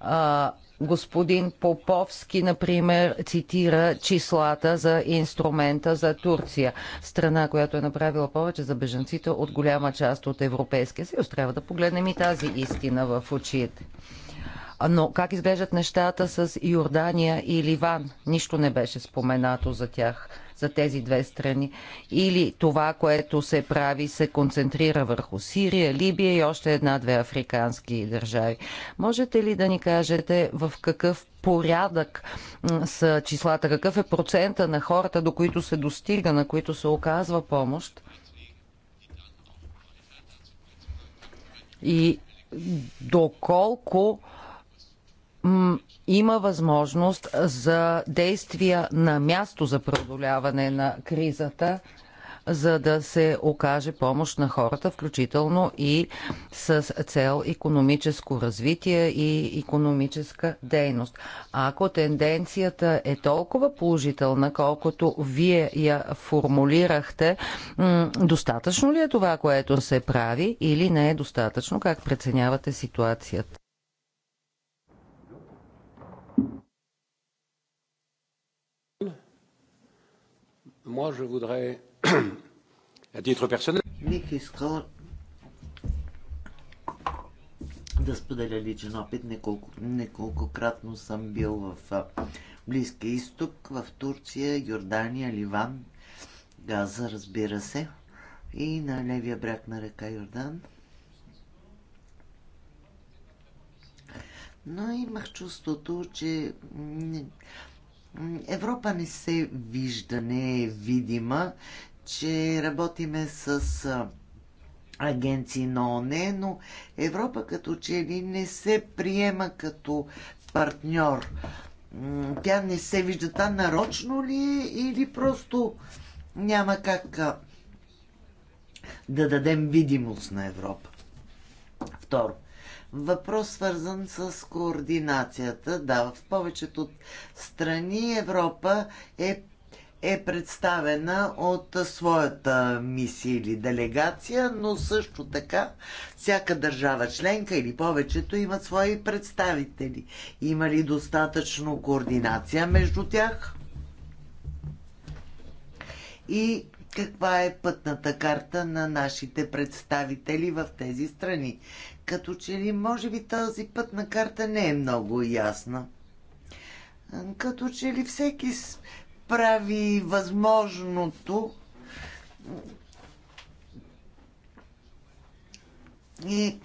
А, Господин Поповски, например, цитира числата за инструмента за Турция. Страна, която е направила повече за бежанците от голяма част от Европейския съюз. Трябва да погледнем и тази истина в очите. Но как изглеждат нещата с Йордания и Ливан? Нищо не беше споменато за тях за тези две страни. Или това, което се прави, се концентрира върху Сирия, Либия и още една-две африкански държави. Можете ли да ни кажете в какъв порядък са числата, какъв е процента на хората, до които се достига, на които се оказва помощ? И доколко има възможност за действия на място за преодоляване на кризата, за да се окаже помощ на хората, включително и с цел економическо развитие и економическа дейност. Ако тенденцията е толкова положителна, колкото вие я формулирахте, достатъчно ли е това, което се прави или не е достатъчно? Как преценявате ситуацията? Moi, je voudrais, [clears throat] à titre personnel... Бих искал да споделя личен опит. Неколко, неколкократно съм бил в Близкия изток, в Турция, Йордания, Ливан, Газа, разбира се, и на левия бряг на река Йордан. Но имах чувството, че Европа не се вижда, не е видима, че работиме с агенции на ОНЕ, но Европа като че ли не се приема като партньор. Тя не се вижда. там нарочно ли е или просто няма как да дадем видимост на Европа? Второ, въпрос свързан с координацията. Да, в повечето от страни Европа е е представена от своята мисия или делегация, но също така всяка държава членка или повечето имат свои представители. Има ли достатъчно координация между тях? И каква е пътната карта на нашите представители в тези страни? Като че ли, може би тази пътна карта не е много ясна. Като че ли всеки прави възможното и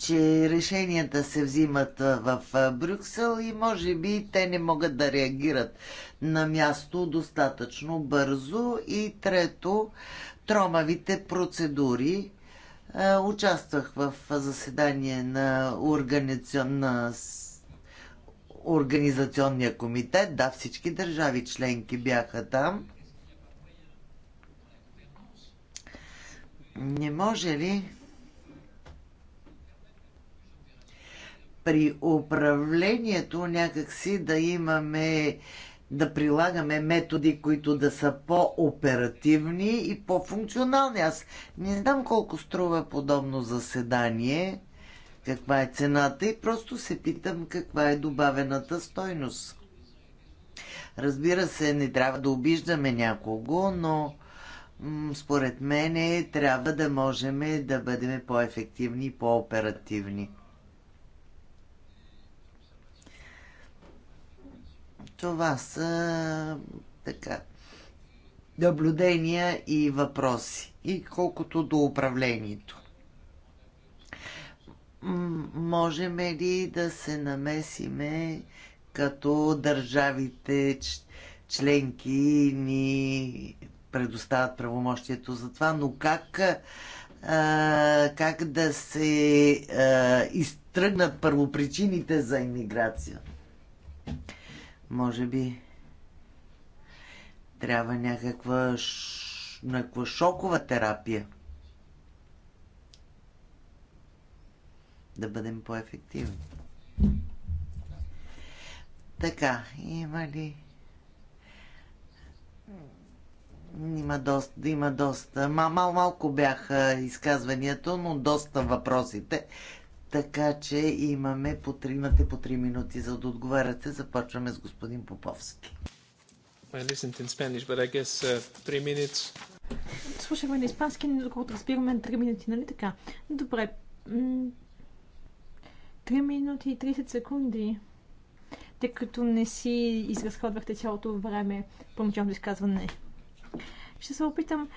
че решенията се взимат в Брюксел и може би те не могат да реагират на място достатъчно бързо. И трето, тромавите процедури. Участвах в заседание на Организационния комитет, да, всички държави членки бяха там. Не може ли при управлението някакси да имаме да прилагаме методи, които да са по-оперативни и по-функционални. Аз не знам колко струва подобно заседание, каква е цената и просто се питам каква е добавената стойност. Разбира се, не трябва да обиждаме някого, но според мен трябва да можем да бъдем по-ефективни и по-оперативни. Това са така наблюдения и въпроси. И колкото до управлението. Можем ли да се намесиме като държавите членки ни предоставят правомощието за това, но как, а, как да се а, изтръгнат първопричините за иммиграция? Може би трябва някаква, ш... някаква шокова терапия. Да бъдем по-ефективни. Така, има ли... Има доста, има доста. Мал, малко бяха изказванията, но доста въпросите така че имаме по три имате по 3 минути за да отговаряте. Започваме с господин Поповски. I listened in Spanish, but I guess uh, minutes. Слушаме на испански, но доколкото разбираме три минути, нали така? Добре. Три минути и 30 секунди. Тъй като не си изразходвахте цялото време по началното изказване. Ще се опитам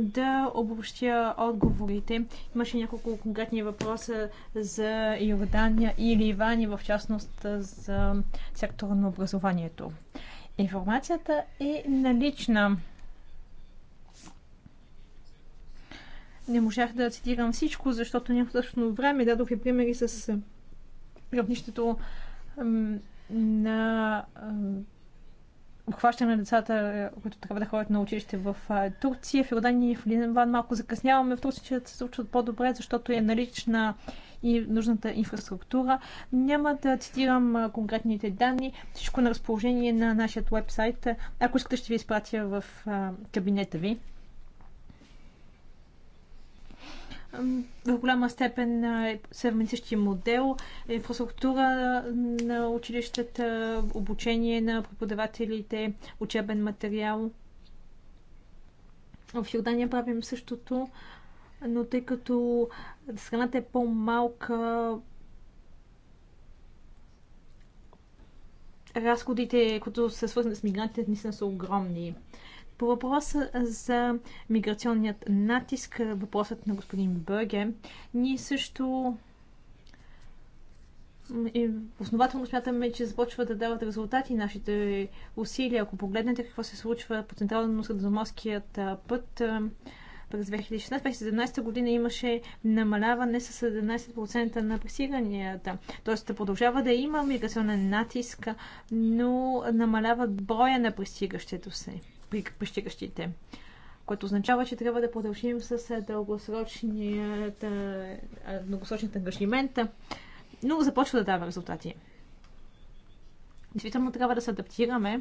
да обобщя отговорите. Имаше няколко конкретни въпроса за Йордания и Ливан и в частност за сектора на образованието. Информацията е налична. Не можах да цитирам всичко, защото няма точно време. Дадох ви примери с равнището на обхващане на децата, е, които трябва да ходят на училище в е, Турция. В Йордания и в Ливан малко закъсняваме. В Турция се случват по-добре, защото е налична и нужната инфраструктура. Няма да цитирам е, конкретните данни. Всичко на разположение на нашия вебсайт. Ако искате, ще ви изпратя в кабинета ви. в голяма степен е същия модел, инфраструктура на училищата, обучение на преподавателите, учебен материал. В Йордания правим същото, но тъй като страната е по-малка, разходите, които са свързани с мигрантите, наистина са огромни. По въпроса за миграционният натиск, въпросът на господин Бърге, ние също и основателно смятаме, че започва да дават резултати нашите усилия. Ако погледнете какво се случва по централно средоморският път, през 2016-2017 година имаше намаляване с 17% на пресиранията. Тоест продължава да има миграционен натиск, но намалява броя на пресиращето се при пристигащите. Което означава, че трябва да продължим с е, е, дългосрочният ангажимент, но започва да дава резултати. Действително трябва да се адаптираме.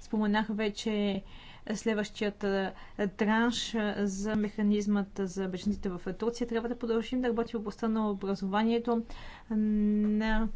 Споменах вече следващият е, транш за механизмът за бежанците в Турция. Трябва да продължим да работим в областта на образованието, на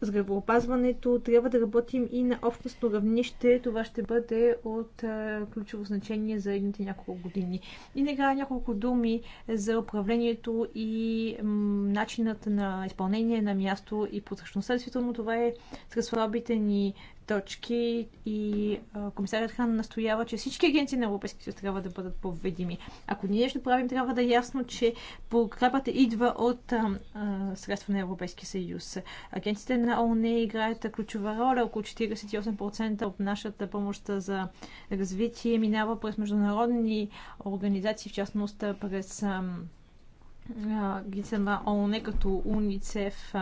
здравеопазването трябва да работим и на общностно равнище. Това ще бъде от а, ключово значение за едните няколко години. И нега няколко думи за управлението и м, начинът на изпълнение на място и прозрачността. Действително това е сред слабите ни точки и комисарят Хан настоява, че всички агенции на Европейския съюз трябва да бъдат поведими. Ако ние нещо правим, трябва да е ясно, че подкрепата идва от а, а, средства на Европейския съюз. Агенциите на ООН играят ключова роля. Около 48% от нашата помощ за развитие минава през международни организации, в частност през агенцията на ООН, като УНИЦЕФ,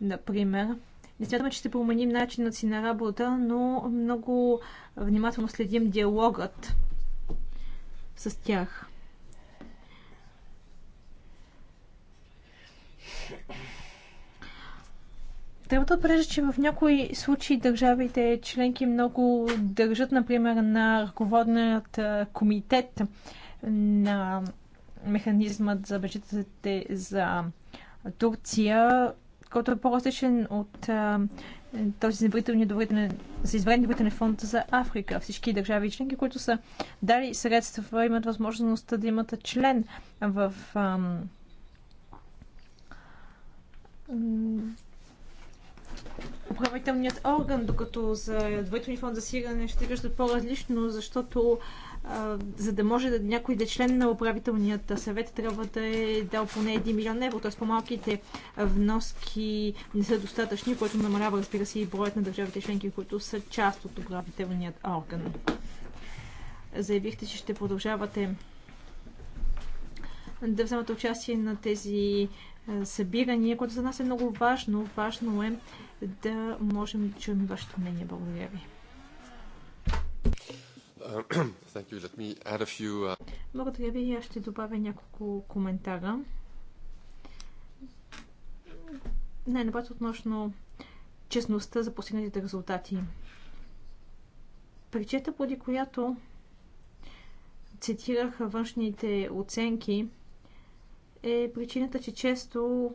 например. Не смятаме, че ще променим начинът си на работа, но много внимателно следим диалогът с тях. Трябва да отбележа, че в някои случаи държавите членки много държат, например, на ръководният комитет на механизмът за бюджетите за Турция който е по-различен от а, този за избран добрителен фонд за Африка. Всички държави и членки, които са дали средства, имат възможност да имат член в а, управителният орган, докато за доверителни фонд за Сиране ще виждат по-различно, защото за да може да някой да е член на управителният съвет, трябва да е дал поне 1 милион евро, т.е. по-малките вноски не са достатъчни, което намалява, разбира се, и броят на държавите членки, които са част от управителният орган. Заявихте, че ще продължавате да вземате участие на тези събирания, което за нас е много важно. Важно е да можем да чуем вашето мнение. Благодаря ви. [clears throat] Few... Uh, Благодаря ви. Аз ще добавя няколко коментара. Най-напред относно честността за постигнатите резултати. Причета, поради която цитирах външните оценки, е причината, че често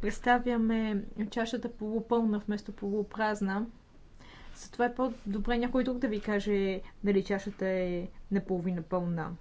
представяме чашата полупълна вместо полупразна – затова е по-добре някой друг да ви каже дали чашата е наполовина пълна.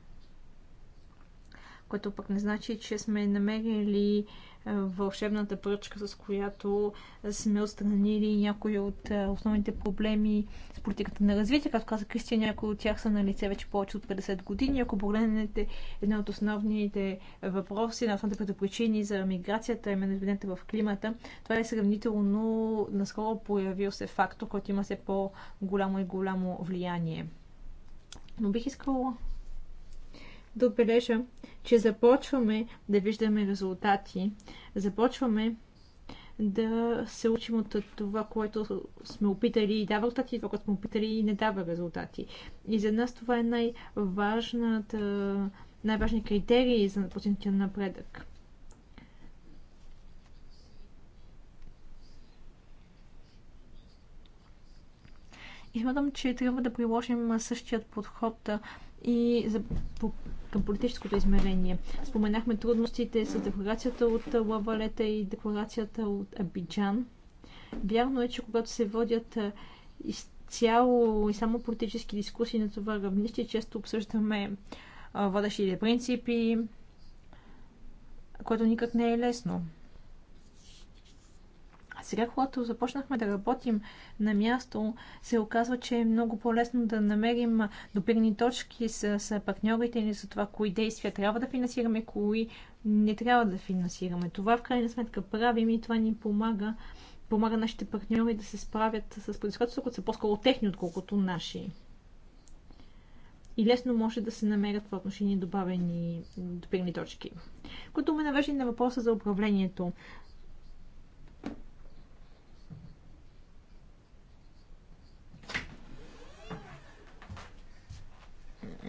Което пък не значи, че сме намерили вълшебната пръчка, с която сме отстранили някои от основните проблеми с политиката на развитие. Както каза Кристия, някои от тях са на лице вече повече от 50 години. Ако погледнете една от основните въпроси, на основните причини за миграцията, именно измененията в климата, това е сравнително наскоро появил се фактор, който има все по-голямо и голямо влияние. Но бих искала да отбележа, че започваме да виждаме резултати, започваме да се учим от това, което сме опитали и дава резултати, и това, което сме опитали и не дава резултати. И за нас това е най-важната, най-важният критерии за постигнатия напредък. И смятам, че трябва да приложим същият подход и за към политическото измерение. Споменахме трудностите с декларацията от Лавалета и декларацията от Абиджан. Вярно е, че когато се водят изцяло и само политически дискусии на това равнище, често обсъждаме водещите принципи, което никак не е лесно. Сега, когато започнахме да работим на място, се оказва, че е много по-лесно да намерим допирни точки с, с партньорите ни за това, кои действия трябва да финансираме, кои не трябва да финансираме. Това в крайна сметка правим и това ни помага помага нашите партньори да се справят с предизвикателството, които са по-скоро техни, отколкото наши. И лесно може да се намерят в отношение добавени допирни точки. Което ме навежда на въпроса за управлението.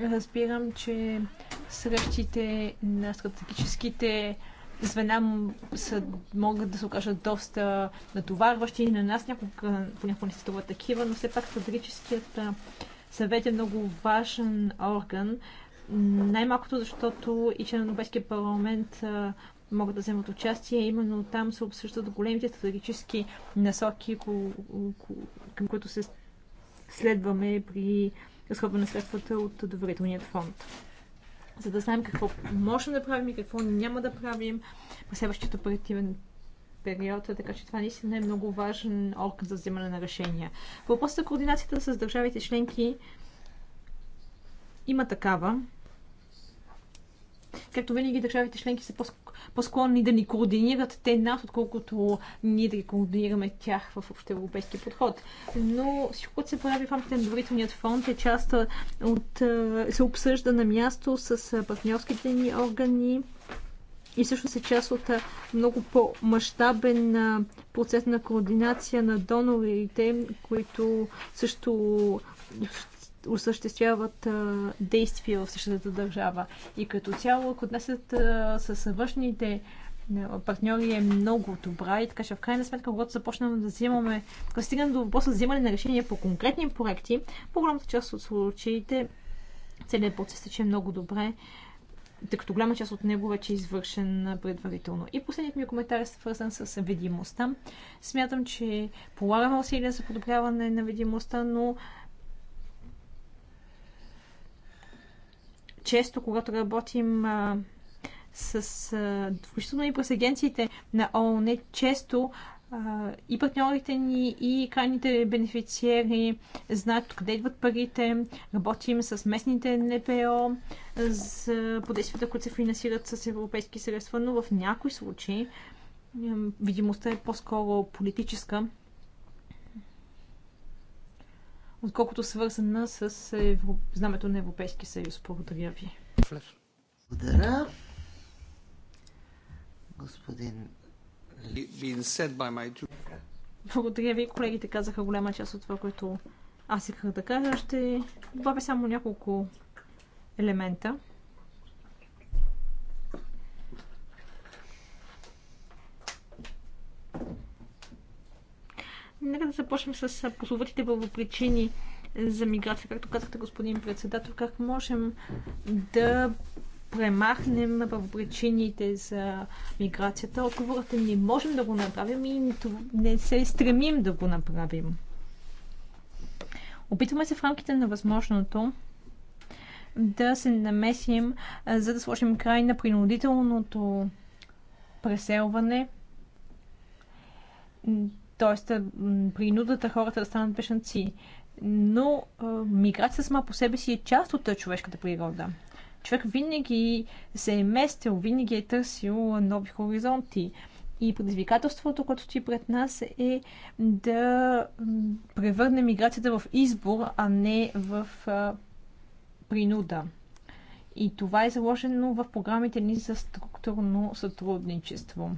Разбирам, че срещите на стратегическите звена са, могат да се окажат доста натоварващи. На нас някога, понякога не се това такива, но все пак стратегическият съвет е много важен орган. Най-малкото, защото и че на Европейския парламент могат да вземат участие. Именно там се обсъждат големите стратегически насоки, към които се следваме при разходване средствата от доверителният фонд. За да знаем какво можем да правим и какво няма да правим в следващия оперативен период, така че това наистина е много важен орган за вземане на решения. По въпроса за координацията с държавите членки има такава. Както винаги, държавите членки са по- по-склонни да ни координират те нас, отколкото ние да ги координираме тях в общоевропейски подход. Но всичко, което се прави в рамките на доверителният фонд е част от... се обсъжда на място с партньорските ни органи и всъщност е част от много по-масштабен процес на координация на донорите, които също осъществяват действия в същата държава. И като цяло, ако отнесат с външните партньори е много добра и така че в крайна сметка, когато започнем да взимаме, когато стигнем до въпроса за взимане на решения по конкретни проекти, по голямата част от случаите целият процес тече много добре, тъй като голяма част от него вече е извършен предварително. И последният ми коментар е свързан с видимостта. Смятам, че полагаме усилия за подобряване на видимостта, но Често, когато работим а, с, а, включително и през агенциите на ООН, е често а, и партньорите ни, и крайните бенефициери знаят откъде идват парите. Работим с местните НПО за подействията, които се финансират с европейски средства, но в някои случаи видимостта е по-скоро политическа отколкото свързана с Евро... знамето на Европейски съюз. Благодаря ви. Благодаря. Господин Благодаря ви. Колегите казаха голяма част от това, което аз исках да кажа. Ще добавя само няколко елемента. Нека да започнем с прословутите причини за миграция. Както казахте, господин председател, как можем да премахнем причините за миграцията? Отговорът е не можем да го направим и не се стремим да го направим. Опитваме се в рамките на възможното да се намесим, за да сложим край на принудителното преселване, т.е. принудата хората да станат бешенци. Но миграция сама по себе си е част от човешката природа. Човек винаги се е местил, винаги е търсил нови хоризонти. И предизвикателството, което стои пред нас е да превърне миграцията в избор, а не в принуда. И това е заложено в програмите ни за структурно сътрудничество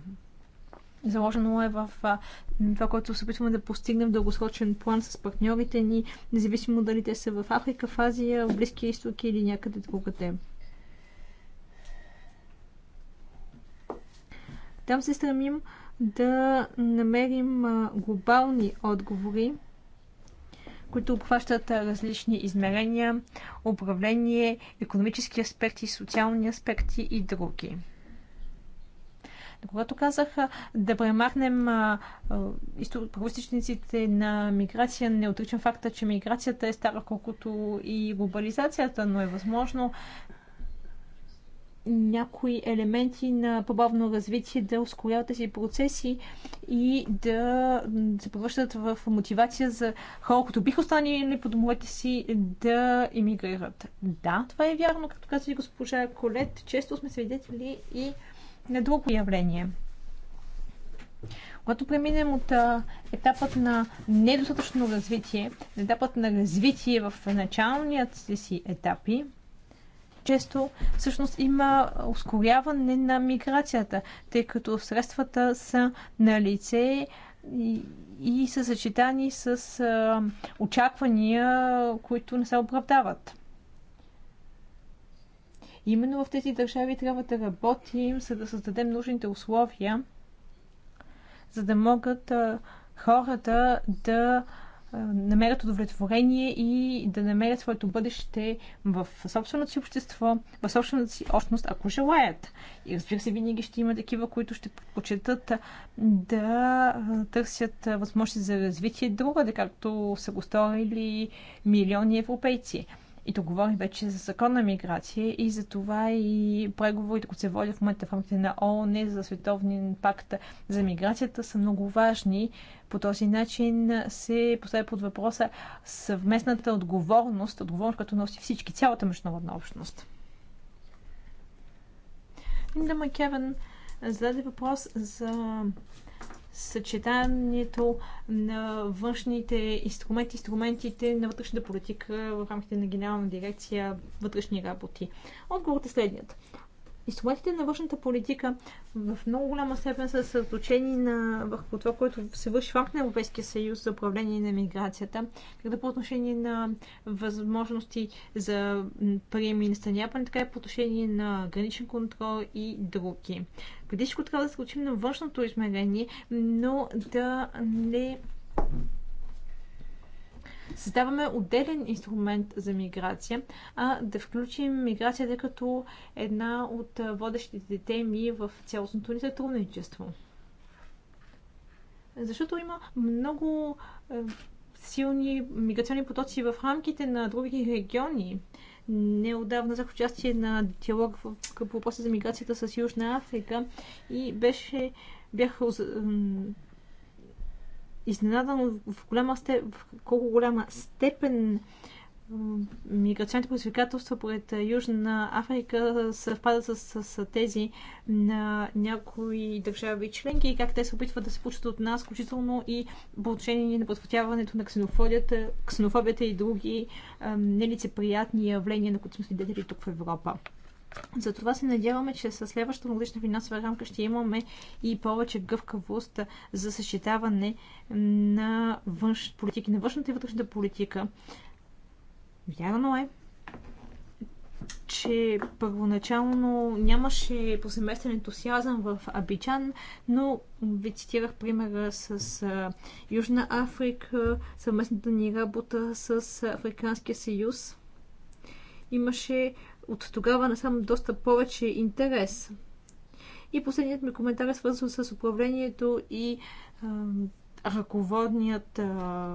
заложено е в това, което се опитваме да постигнем в дългосрочен план с партньорите ни, независимо дали те са в Африка, в Азия, в Близкия изток или някъде другаде. Там се стремим да намерим глобални отговори, които обхващат различни измерения, управление, економически аспекти, социални аспекти и други. Но когато казах да премахнем правостичниците на миграция, не отричам факта, че миграцията е стара колкото и глобализацията, но е възможно някои елементи на по-бавно развитие да ускоряват тези процеси и да се превръщат в мотивация за хора, които биха останали по домовете си, да иммигрират. Да, това е вярно, както каза и госпожа Колет. Често сме свидетели и на друго явление. Когато преминем от етапът на недостатъчно развитие, етапът на развитие в началният си етапи, често всъщност има ускоряване на миграцията, тъй като средствата са на лице и, и са съчетани с очаквания, които не се оправдават. Именно в тези държави трябва да работим, за да създадем нужните условия, за да могат хората да намерят удовлетворение и да намерят своето бъдеще в собственото си общество, в собствената си общност, ако желаят. И разбира се, винаги ще има такива, които ще предпочитат да търсят възможности за развитие другаде, както са го сторили милиони европейци. И тук говорим вече за законна миграция и за това и преговорите, които се водят в момента в рамките на ООН за Световния пакт за миграцията са много важни. По този начин се поставя под въпроса съвместната отговорност, отговорност, която носи всички, цялата международна общност. Линда Макевен зададе въпрос за съчетанието на външните инструменти, инструментите на вътрешната политика в рамките на Генерална дирекция вътрешни работи? Отговорът е следният инструментите на външната политика в много голяма степен са съсредоточени на, върху това, което се върши в рамките на Европейския съюз за управление на миграцията, както по отношение на възможности за приеми и настаняване, така и по отношение на граничен контрол и други. Предишко трябва да се учим на външното измерение, но да не създаваме отделен инструмент за миграция, а да включим миграцията като една от водещите теми в цялостното ни сътрудничество. Защото има много е, силни миграционни потоци в рамките на други региони. Неодавна взех участие на диалог в въпроса за миграцията с Южна Африка и беше, бях изненадан в, голяма степ, в колко голяма степен миграционните предизвикателства пред Южна Африка съвпадат с, с, с тези на някои държави членки и как те се опитват да се получат от нас, включително и по отношение на подхватяването на ксенофобията, ксенофобията и други а, нелицеприятни явления, на които сме свидетели тук в Европа. Затова се надяваме, че с следващата налична финансова рамка ще имаме и повече гъвкавост за съчетаване на външ, политики, на външната и вътрешната политика. Вярно е, че първоначално нямаше повсеместен ентусиазъм в Абичан, но ви цитирах примера с а, Южна Африка, съвместната ни работа с Африканския съюз. Имаше от тогава насам доста повече интерес. И последният ми коментар е свързан с управлението и а, ръководният а,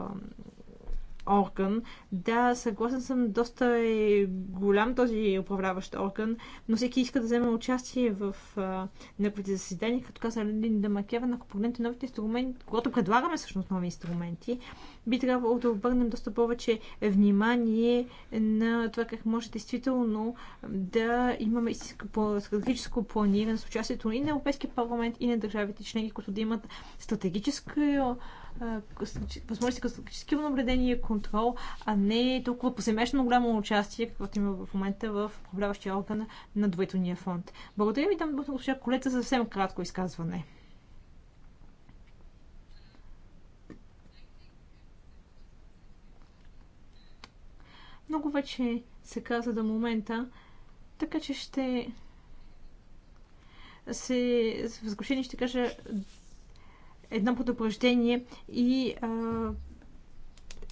орган. Да, съгласен съм, доста е голям този управляващ орган, но всеки иска да вземе участие в неговите заседания, като каза Линда Макева, ако погледнете новите инструменти, когато предлагаме всъщност нови инструменти, би трябвало да обърнем доста повече внимание на това как може действително да имаме стратегическо планиране с участието и на Европейския парламент, и на държавите членки, които да имат стратегическо възможности като стратегически наблюдение, контрол, а не толкова посемешно голямо участие, каквото има в момента в управляващия орган на двойтония фонд. Благодаря ви, дам да госпожа Колеца за съвсем кратко изказване. Много вече се каза до момента, така че ще се в заключение ще кажа едно предупреждение и а,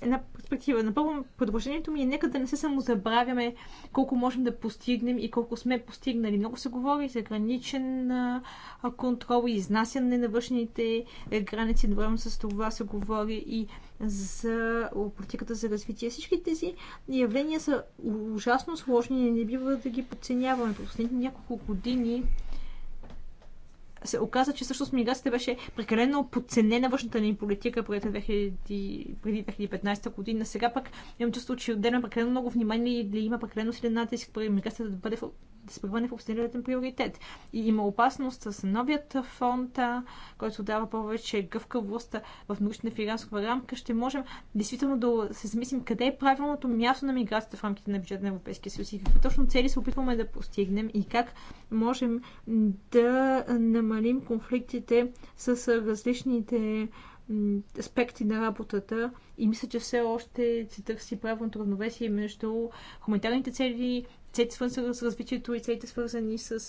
една перспектива. Напълно първо ми е нека да не се само забравяме колко можем да постигнем и колко сме постигнали. Много се говори за граничен контрол и изнасяне на външните граници. Добре, с това се говори и за политиката за развитие. Всички тези явления са ужасно сложни и не бива да ги подценяваме. последните няколко години се оказа, че всъщност миграцията беше прекалено подценена външната ни политика преди 2000, преди 2015 година. Сега пък имам чувство, че отделяме прекалено много внимание и да има прекалено силен натиск при миграцията да бъде да се превърне в обсъдителен приоритет. И има опасност с новият фонд, който дава повече гъвкавост в научна финансова рамка, ще можем действително да се замислим къде е правилното място на миграцията в рамките на бюджета на Европейския съюз и какви точно цели се опитваме да постигнем и как можем да намалим конфликтите с различните аспекти на работата и мисля, че все още се търси правилното равновесие между хуманитарните цели, цели свързани с развитието и целите свързани с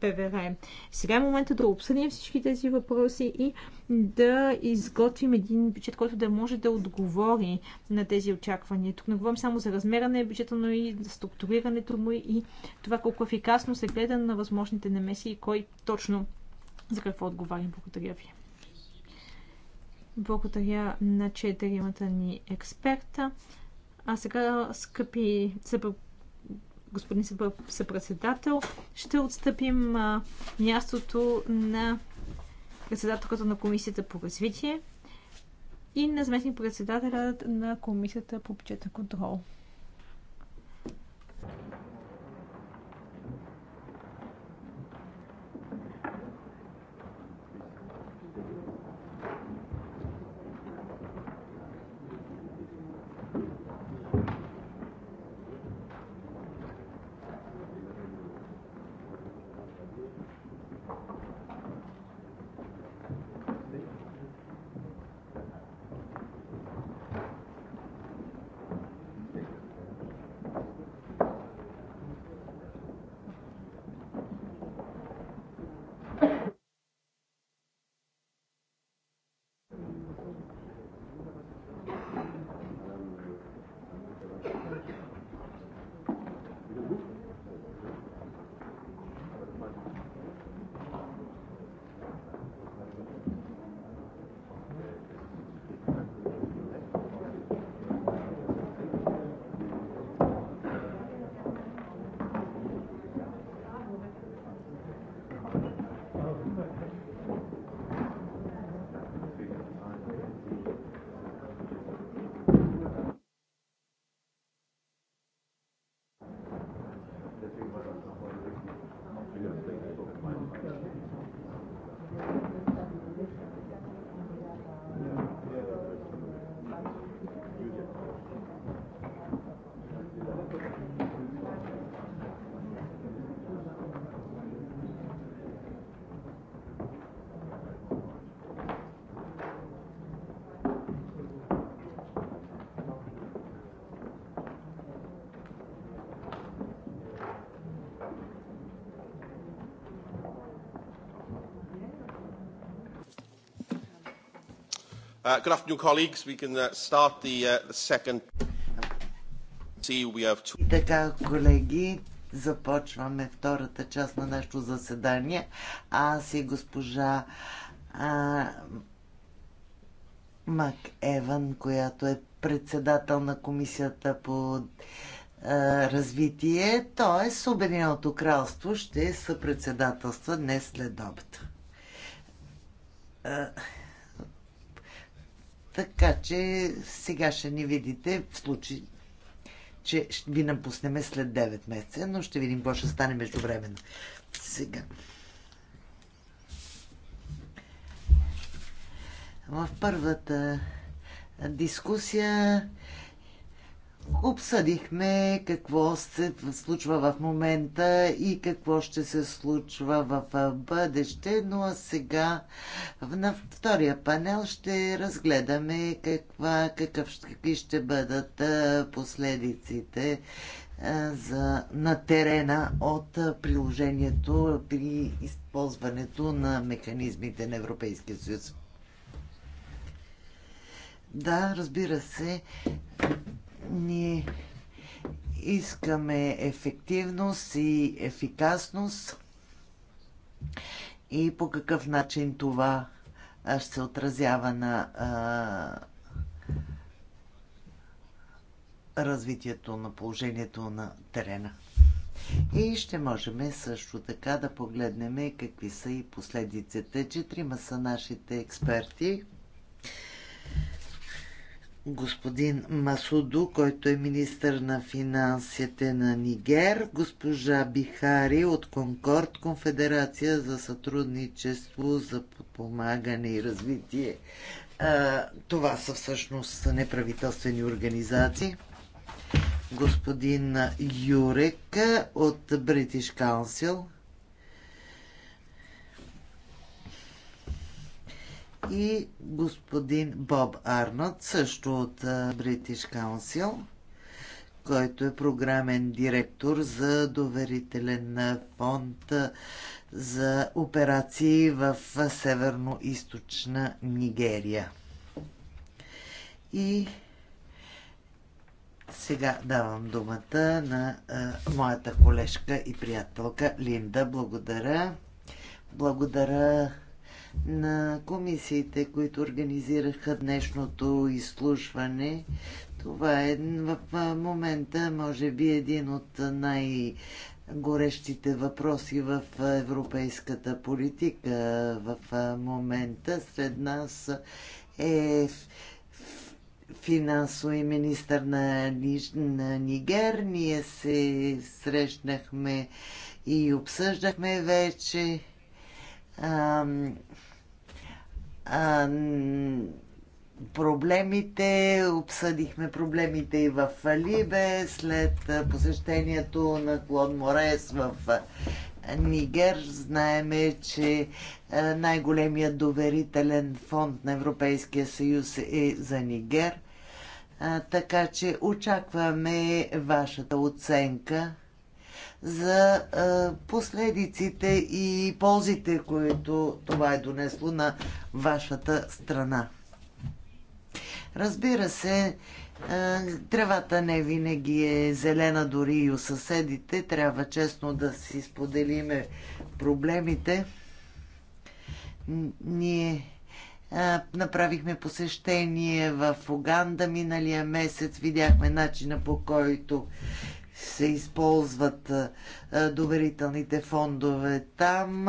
ПВР. Сега е момента да обсъдим всички тези въпроси и да изготвим един бюджет, който да може да отговори на тези очаквания. Тук не говорим само за размера на бюджета, но и структурирането му и това колко ефикасно се гледа на възможните намеси и кой точно за какво отговаря. Благодаря ви. Благодаря на четиримата ни експерта. А сега, скъпи господин съпредседател, ще отстъпим мястото на председателката на Комисията по развитие и на заместник председателят на Комисията по бюджетен контрол. Uh, good afternoon, colleagues. We can uh, start the, uh, the second. See, we have two... Така, колеги, започваме втората част на нашето заседание. Аз и госпожа а, Мак Еван, която е председател на комисията по развитие, т.е. Обединеното кралство ще съпредседателства днес след обед. Така че сега ще ни видите в случай, че ще ви напуснеме след 9 месеца, но ще видим какво ще стане междувременно. Сега. В първата дискусия Обсъдихме какво се случва в момента и какво ще се случва в бъдеще, но сега на втория панел ще разгледаме каква, какъв, какви ще бъдат последиците за, на терена от приложението при използването на механизмите на Европейския съюз. Да, разбира се, ние искаме ефективност и ефикасност и по какъв начин това ще се отразява на а, развитието на положението на терена. И ще можем също така да погледнем какви са и последиците. Четирима са нашите експерти, господин Масуду, който е министър на финансите на Нигер, госпожа Бихари от Конкорд, Конфедерация за сътрудничество, за подпомагане и развитие. Това са всъщност неправителствени организации. Господин Юрек от British Council – и господин Боб Арнот, също от British Council, който е програмен директор за доверителен фонд за операции в северно-источна Нигерия. И сега давам думата на а, моята колежка и приятелка Линда. Благодаря. Благодаря на комисиите, които организираха днешното изслушване. Това е в момента, може би, един от най- горещите въпроси в европейската политика в момента. Сред нас е финансови министр на, на Нигер. Ние се срещнахме и обсъждахме вече ам, а, проблемите, обсъдихме проблемите и в Либе, след посещението на Клод Морес в Нигер. Знаеме, че най-големият доверителен фонд на Европейския съюз е за Нигер. Така че очакваме вашата оценка за последиците и ползите, които това е донесло на вашата страна. Разбира се, тревата не винаги е зелена дори и у съседите. Трябва честно да си споделиме проблемите. Ние направихме посещение в Уганда миналия месец. Видяхме начина по който се използват доверителните фондове там.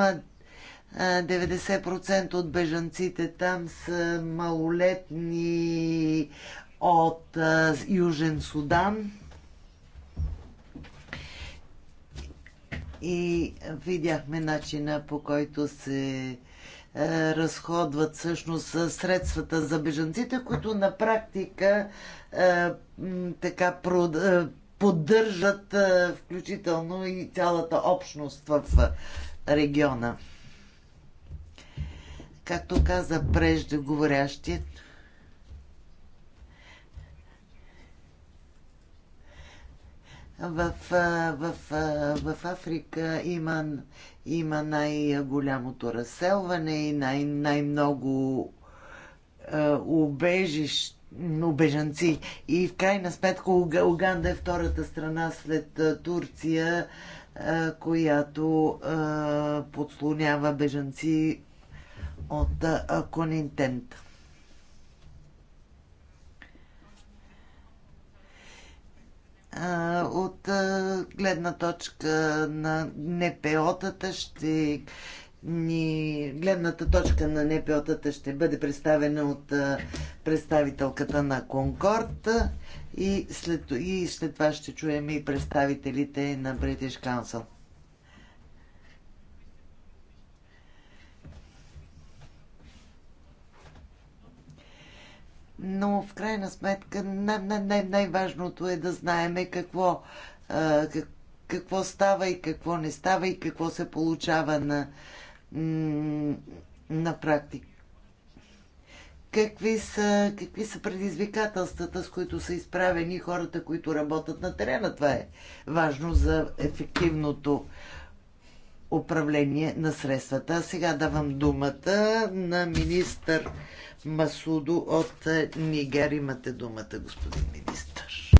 90% от бежанците там са малолетни от Южен Судан. И видяхме начина по който се разходват всъщност средствата за бежанците, които на практика така поддържат включително и цялата общност в региона. Както каза преждеговорящият, в, в, в Африка има, има най-голямото разселване и най- най-много е, но бежанци. И в крайна сметка Уганда е втората страна след Турция, която подслонява бежанци от Конинтент. От гледна точка на НПО-тата ще ни, гледната точка на НПО-тата ще бъде представена от представителката на Конкорд и след, и след това ще чуем и представителите на British Council. Но в крайна сметка най- най- най- най-важното е да знаеме какво, а, как, какво става и какво не става и какво се получава на, на практика. Какви са, какви са предизвикателствата, с които са изправени хората, които работят на терена? Това е важно за ефективното управление на средствата. А сега давам думата на министър Масудо от Нигер. Имате думата, господин министър.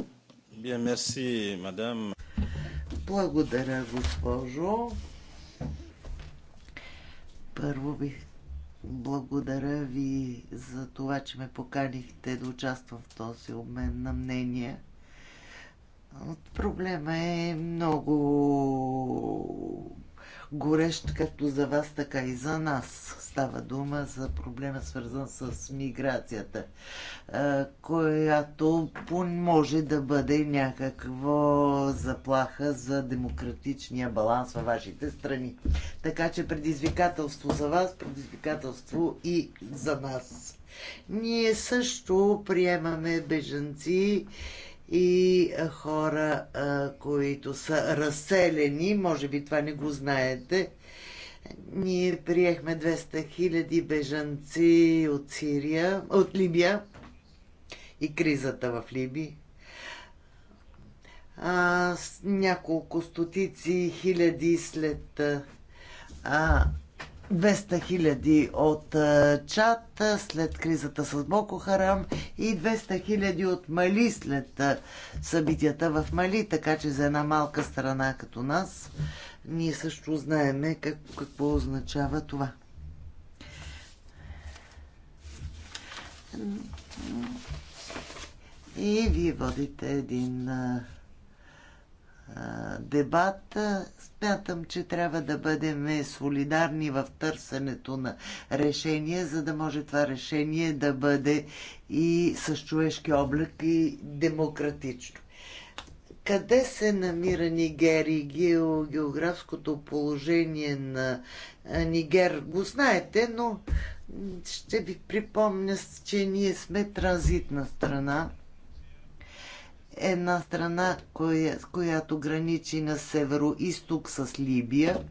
Благодаря, госпожо. Първо бих благодаря ви за това, че ме поканихте да участвам в този обмен на мнения. Проблема е много горещ както за вас, така и за нас. Става дума за проблема свързан с миграцията, която може да бъде някаква заплаха за демократичния баланс във вашите страни. Така че предизвикателство за вас, предизвикателство и за нас. Ние също приемаме бежанци и хора, които са разселени. Може би това не го знаете. Ние приехме 200 хиляди бежанци от Сирия, от Либия и кризата в Либия. А, с няколко стотици хиляди след а, 200 хиляди от Чад след кризата с Боко Харам и 200 хиляди от Мали след събитията в Мали, така че за една малка страна като нас ние също знаеме как, какво означава това. И вие водите един дебат. Смятам, че трябва да бъдем солидарни в търсенето на решение, за да може това решение да бъде и с човешки облик и демократично. Къде се намира Нигер и гео, географското положение на Нигер? Го знаете, но ще ви припомня, че ние сме транзитна страна една страна, коя, която граничи на северо-исток с Либия.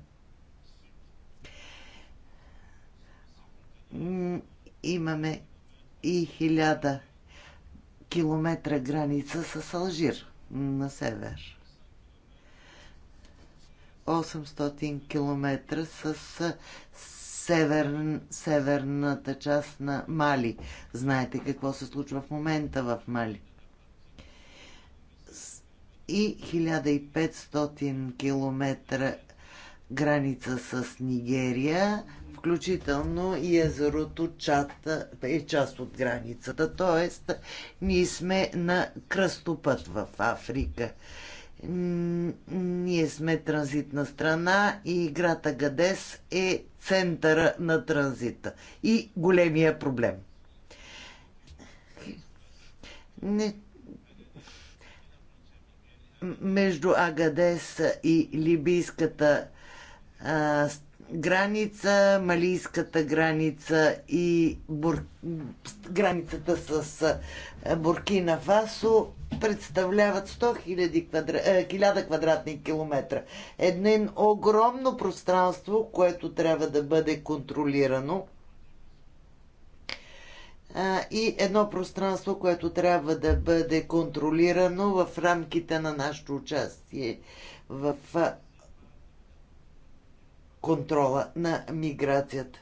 Имаме и хиляда километра граница с Алжир на север. 800 километра с север, северната част на Мали. Знаете какво се случва в момента в Мали и 1500 км граница с Нигерия, включително и езерото Чат е част от границата. Тоест, ние сме на кръстопът в Африка. Ние сме транзитна страна и играта Гадес е центъра на транзита и големия проблем. Не, между Агадес и либийската а, граница, малийската граница и бур... границата с а, Буркина Фасо представляват 100 000 квадра... 1000 квадратни километра. Едно огромно пространство, което трябва да бъде контролирано и едно пространство, което трябва да бъде контролирано в рамките на нашето участие в контрола на миграцията.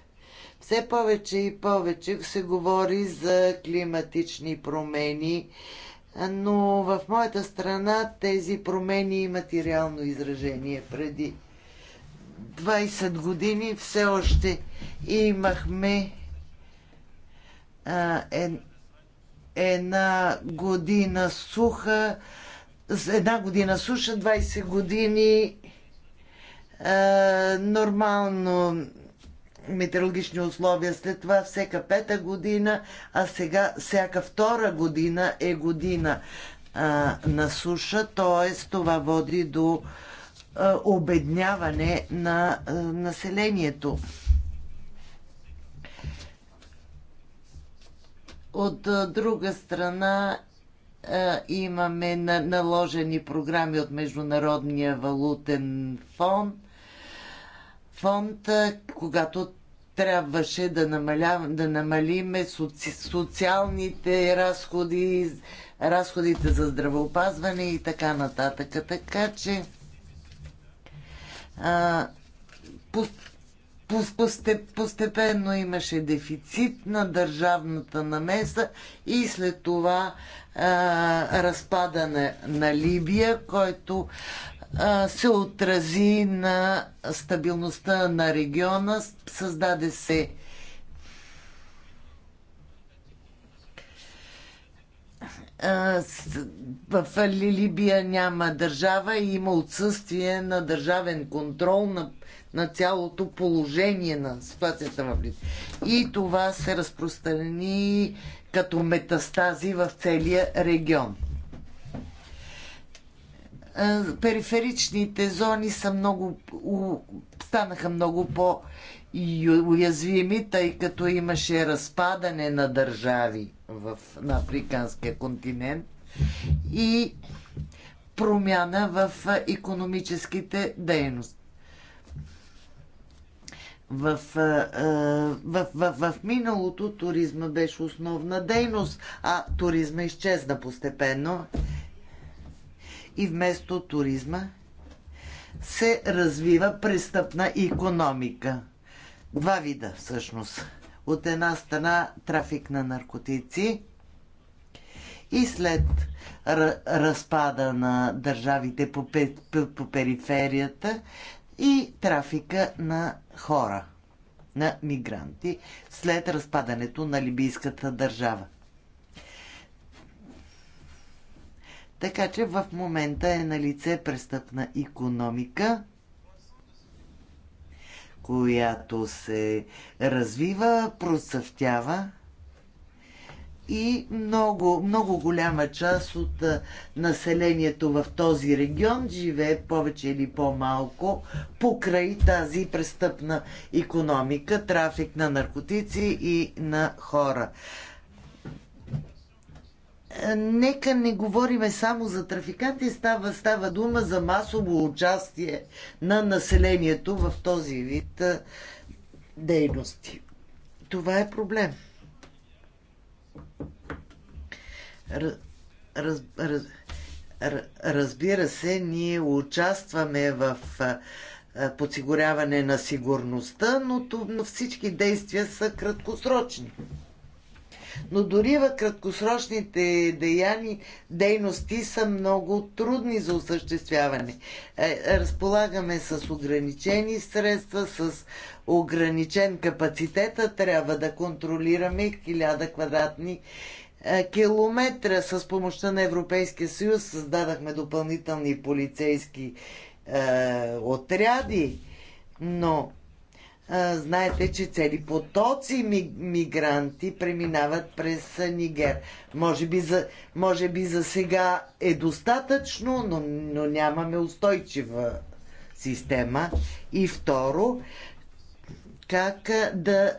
Все повече и повече се говори за климатични промени, но в моята страна тези промени имат и реално изражение. Преди 20 години все още имахме е, една година суха, една година суша, 20 години е, нормално метеорологични условия, след това всека пета година, а сега всяка втора година е година а, на суша, т.е. това води до а, обедняване на а, населението. От друга страна имаме наложени програми от Международния валутен фонд, фонд когато трябваше да, намаля, да намалиме соци, социалните разходи, разходите за здравеопазване и така нататък. Така че а, постепенно имаше дефицит на държавната намеса и след това а, разпадане на Либия, който а, се отрази на стабилността на региона, създаде се в Либия няма държава и има отсъствие на държавен контрол на на цялото положение на ситуацията в близ. И това се разпространи като метастази в целия регион. Периферичните зони са много, станаха много по- уязвими, тъй като имаше разпадане на държави в, на африканския континент и промяна в економическите дейности. В, в, в, в миналото туризма беше основна дейност, а туризма изчезна постепенно. И вместо туризма се развива престъпна економика. Два вида всъщност. От една страна трафик на наркотици и след разпада на държавите по периферията и трафика на хора, на мигранти, след разпадането на либийската държава. Така че в момента е на лице престъпна економика, която се развива, процъфтява и много, много голяма част от населението в този регион живее повече или по-малко покрай тази престъпна економика, трафик на наркотици и на хора. Е, нека не говориме само за трафиканти, става, става дума за масово участие на населението в този вид дейности. Това е проблем раз, раз, разбира се, ние участваме в подсигуряване на сигурността, но всички действия са краткосрочни. Но дори в краткосрочните деяни, дейности са много трудни за осъществяване. Е, разполагаме с ограничени средства, с ограничен капацитет, трябва да контролираме 1000 квадратни е, километра с помощта на Европейския съюз създадахме допълнителни полицейски е, отряди, но знаете, че цели потоци мигранти преминават през Нигер. Може би за, може би за сега е достатъчно, но, но нямаме устойчива система. И второ, как да,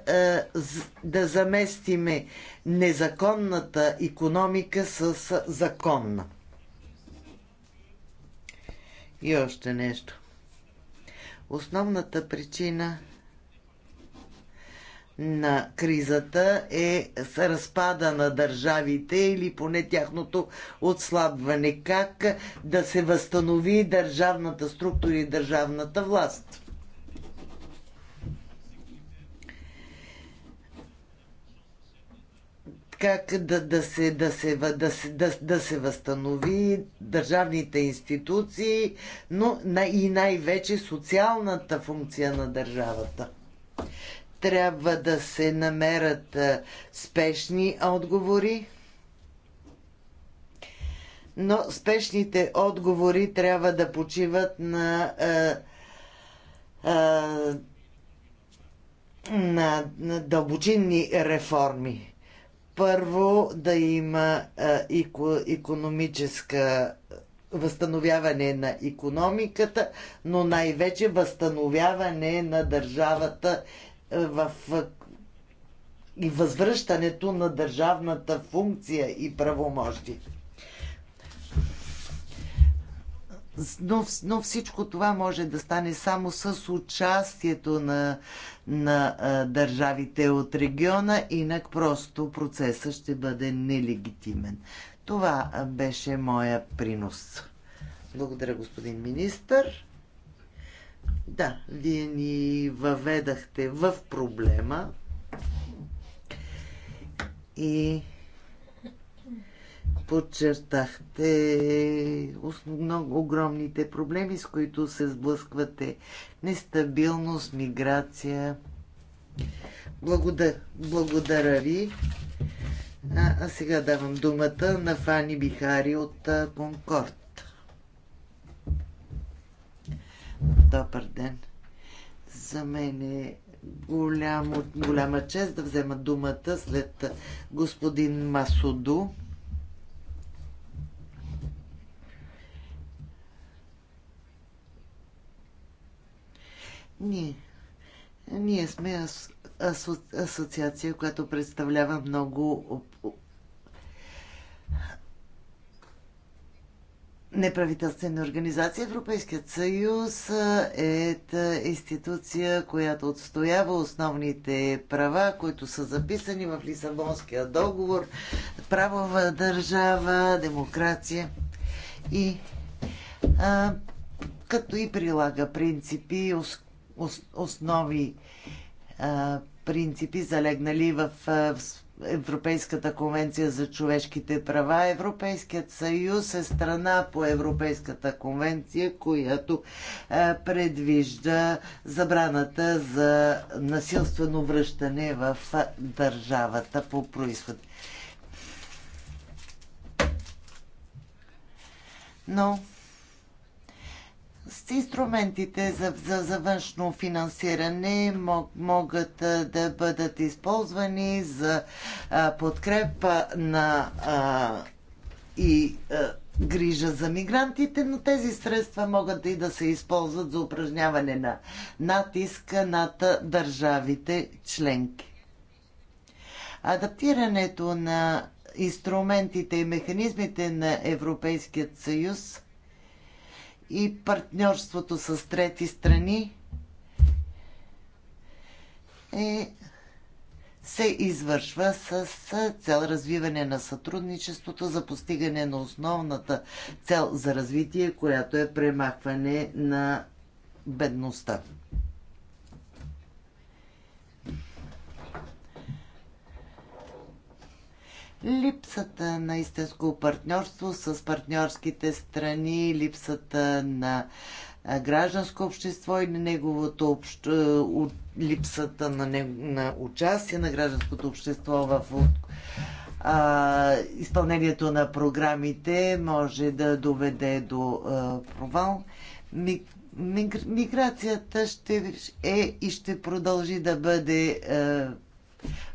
да заместиме незаконната економика с законна. И още нещо. Основната причина на кризата е с разпада на държавите или поне тяхното отслабване. Как да се възстанови държавната структура и държавната власт? как да, да, се, да, се, да, се, да, да се възстанови държавните институции, но и най-вече социалната функция на държавата трябва да се намерят спешни отговори, но спешните отговори трябва да почиват на, на, на дълбочинни реформи първо да има економическа възстановяване на економиката, но най-вече възстановяване на държавата в и възвръщането на държавната функция и правомощи. Но, но всичко това може да стане само с участието на, на а, държавите от региона, инак просто процесът ще бъде нелегитимен. Това беше моя принос. Благодаря, господин министър. Да, вие ни въведахте в проблема и подчертахте много огромните проблеми, с които се сблъсквате. Нестабилност, миграция. Благодаря, благодаря ви. А, а сега давам думата на Фани Бихари от Конкорд. Добър ден. За мен е голямо, голяма чест да взема думата след господин Масуду. Ние, ние сме асо, асо, асоциация, която представлява много неправителствени организации. Европейският съюз е институция, която отстоява основните права, които са записани в Лисабонския договор, правова държава, демокрация и а, като и прилага принципи, ос, основи а, принципи, залегнали в, в Европейската конвенция за човешките права. Европейският съюз е страна по Европейската конвенция, която е, предвижда забраната за насилствено връщане в държавата по происход. Но с инструментите за, за, за външно финансиране мог, могат да бъдат използвани за а, подкрепа на а, и а, грижа за мигрантите, но тези средства могат да и да се използват за упражняване на натиска над държавите членки. Адаптирането на инструментите и механизмите на Европейският съюз и партньорството с трети страни е, се извършва с цел развиване на сътрудничеството за постигане на основната цел за развитие, която е премахване на бедността. Липсата на истинско партньорство с партньорските страни, липсата на гражданско общество и неговото общ... липсата на, не... на участие на гражданското общество в а, изпълнението на програмите може да доведе до а, провал. Миграцията ще е и ще продължи да бъде а,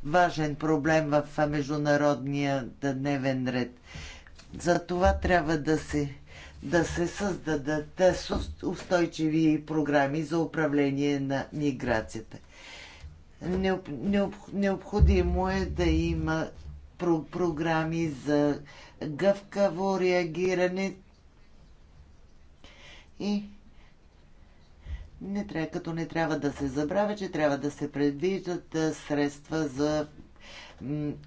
важен проблем в международния дневен ред. За това трябва да се, да се създадат устойчиви програми за управление на миграцията. Необ, необ, необходимо е да има про, програми за гъвкаво реагиране и не трябва, като не трябва да се забравя, че трябва да се предвиждат средства за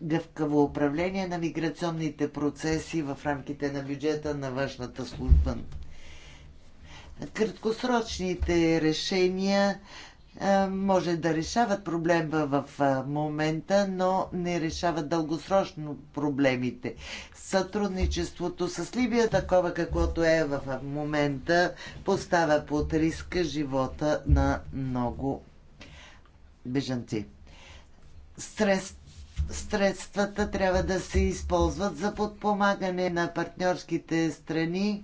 гъвкаво управление на миграционните процеси в рамките на бюджета на външната служба. Краткосрочните решения е, може да решават проблема в е, момента, но не решават дългосрочно проблемите. Сътрудничеството с Либия, такова каквото е в е, момента, поставя под риска живота на много бежанци. Стрес Средствата трябва да се използват за подпомагане на партньорските страни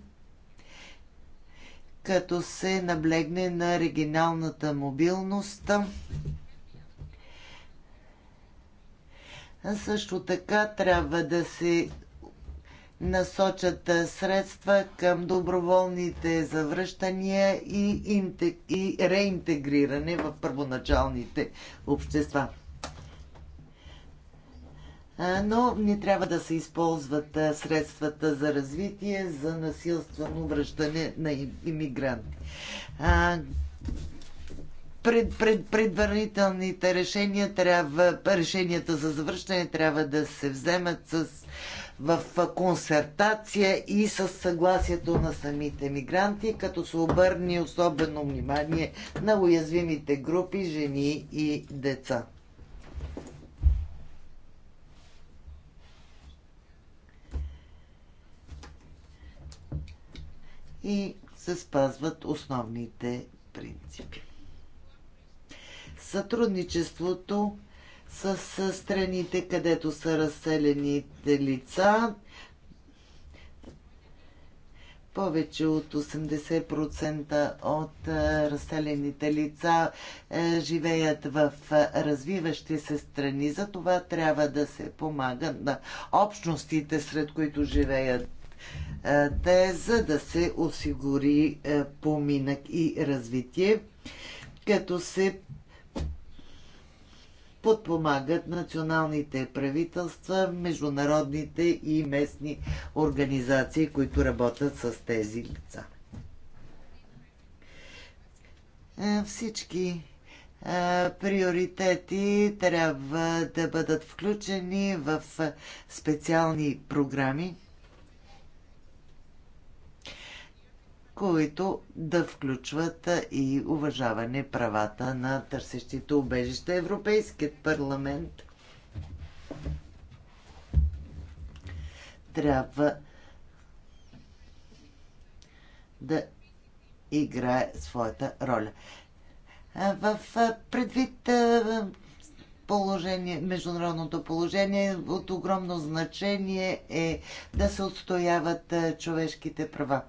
като се наблегне на регионалната мобилност. Също така трябва да се насочат средства към доброволните завръщания и, реинтегриране в първоначалните общества но не трябва да се използват средствата за развитие, за насилствено връщане на иммигранти. Пред, пред, предварителните решения трябва, решенията за завръщане трябва да се вземат с, в консертация и с съгласието на самите мигранти, като се обърне особено внимание на уязвимите групи жени и деца. и се спазват основните принципи. Сътрудничеството с страните, където са разселените лица, повече от 80% от е, разселените лица е, живеят в е, развиващи се страни. За това трябва да се помага на общностите, сред които живеят е, те, за да се осигури е, поминък и развитие, като се подпомагат националните правителства, международните и местни организации, които работят с тези лица. Е, всички приоритети трябва да бъдат включени в специални програми които да включват и уважаване правата на търсещите убежище. Европейският парламент трябва да играе своята роля. В предвид положение, международното положение от огромно значение е да се отстояват човешките права.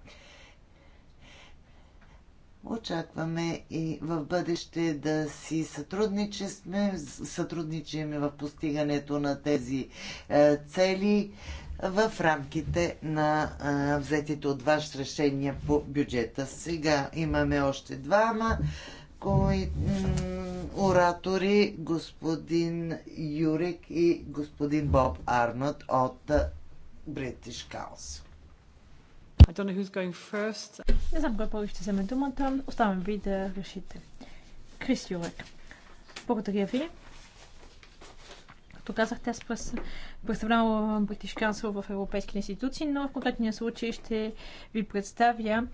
Очакваме и в бъдеще да си сътрудничиме, сътрудничиме в постигането на тези е, цели в рамките на е, взетите от вас решения по бюджета. Сега имаме още двама кои, оратори, господин Юрик и господин Боб Арнот от British Council. I don't know who's going first. Не знам кой първи ще вземе думата. Оставям ви да решите. Крис Юрек. Благодаря ви. Както казах, тя през, представлява British Council в европейски институции, но в конкретния случай ще ви представя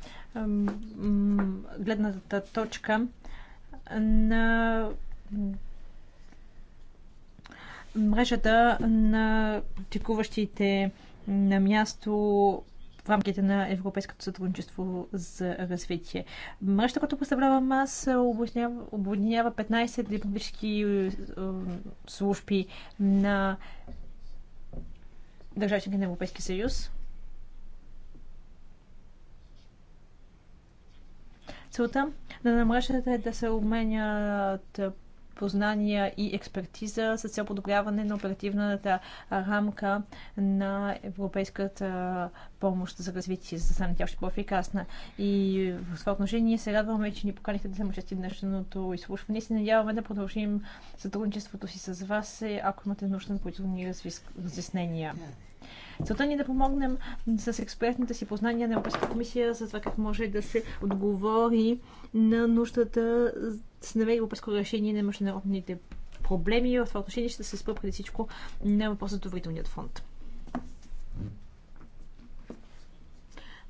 гледната точка на мрежата на практикуващите на място в рамките на Европейското сътрудничество за развитие. Мрежата, която представлявам аз, обединява 15 дипломатически е, служби на държавите на Европейския съюз. Целта на мрежата е да се обменят познания и експертиза с цел подобряване на оперативната рамка на европейската помощ за развитие, за да стане тя още по-ефикасна. И в това отношение се радваме, че ни поканихте да се участи в днешното изслушване и се надяваме да продължим сътрудничеството си с вас, е, ако имате нужда на разяснения. Целта ни е да помогнем с експертните си познания на Европейската комисия за това как може да се отговори на нуждата с се намери европейско решение на международните проблеми. В това отношение ще се спра всичко на въпроса за доверителният фонд.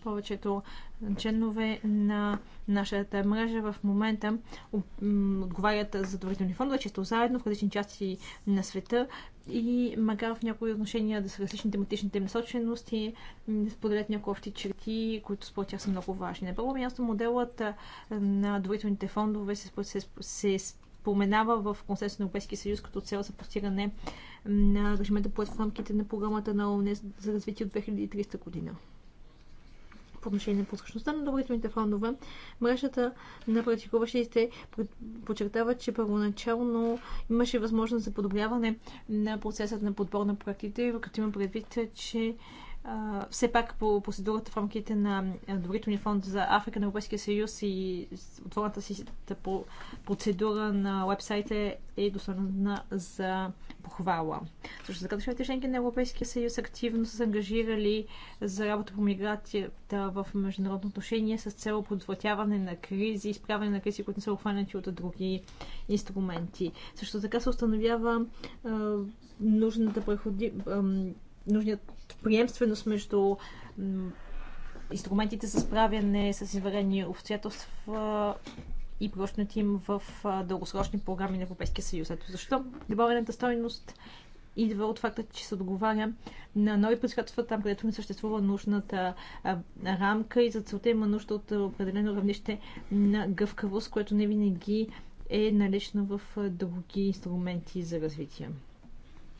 повечето членове на нашата мрежа в момента отговарят за доверителни фондове, често заедно в различни части на света и макар в някои отношения да са различни тематичните им насочености, да споделят някои общи черти, които според тях са много важни. На първо място моделът на доверителните фондове се, се, се споменава в консенсус на Европейския съюз като цел за постигане на ангажимента по рамките на програмата на ОНЕ за развитие от 2300 година по отношение на подсъщността на добрителните фондове. Мрежата на практикуващите подчертава, че първоначално имаше възможност за подобряване на процесът на подбор на проектите, като има предвид, че все пак по процедурата в рамките на Доверителния фонд за Африка на Европейския съюз и отворената си процедура на вебсайта е достойна за похвала. Също така, държавите членки на Европейския съюз активно са ангажирали за работа по миграцията в международно отношение с цел предотвратяване на кризи, изправяне на кризи, които не са обхванати от други инструменти. Също така се установява е, нужната преходи, нужният приемственост между инструментите за справяне с изварени обстоятелства и прочнат им в дългосрочни програми на Европейския съюз. Ето защо добавената стойност идва от факта, че се отговаря на нови предизвикателства там, където не съществува нужната рамка и за целта има нужда от определено равнище на гъвкавост, което не винаги е налично в други инструменти за развитие.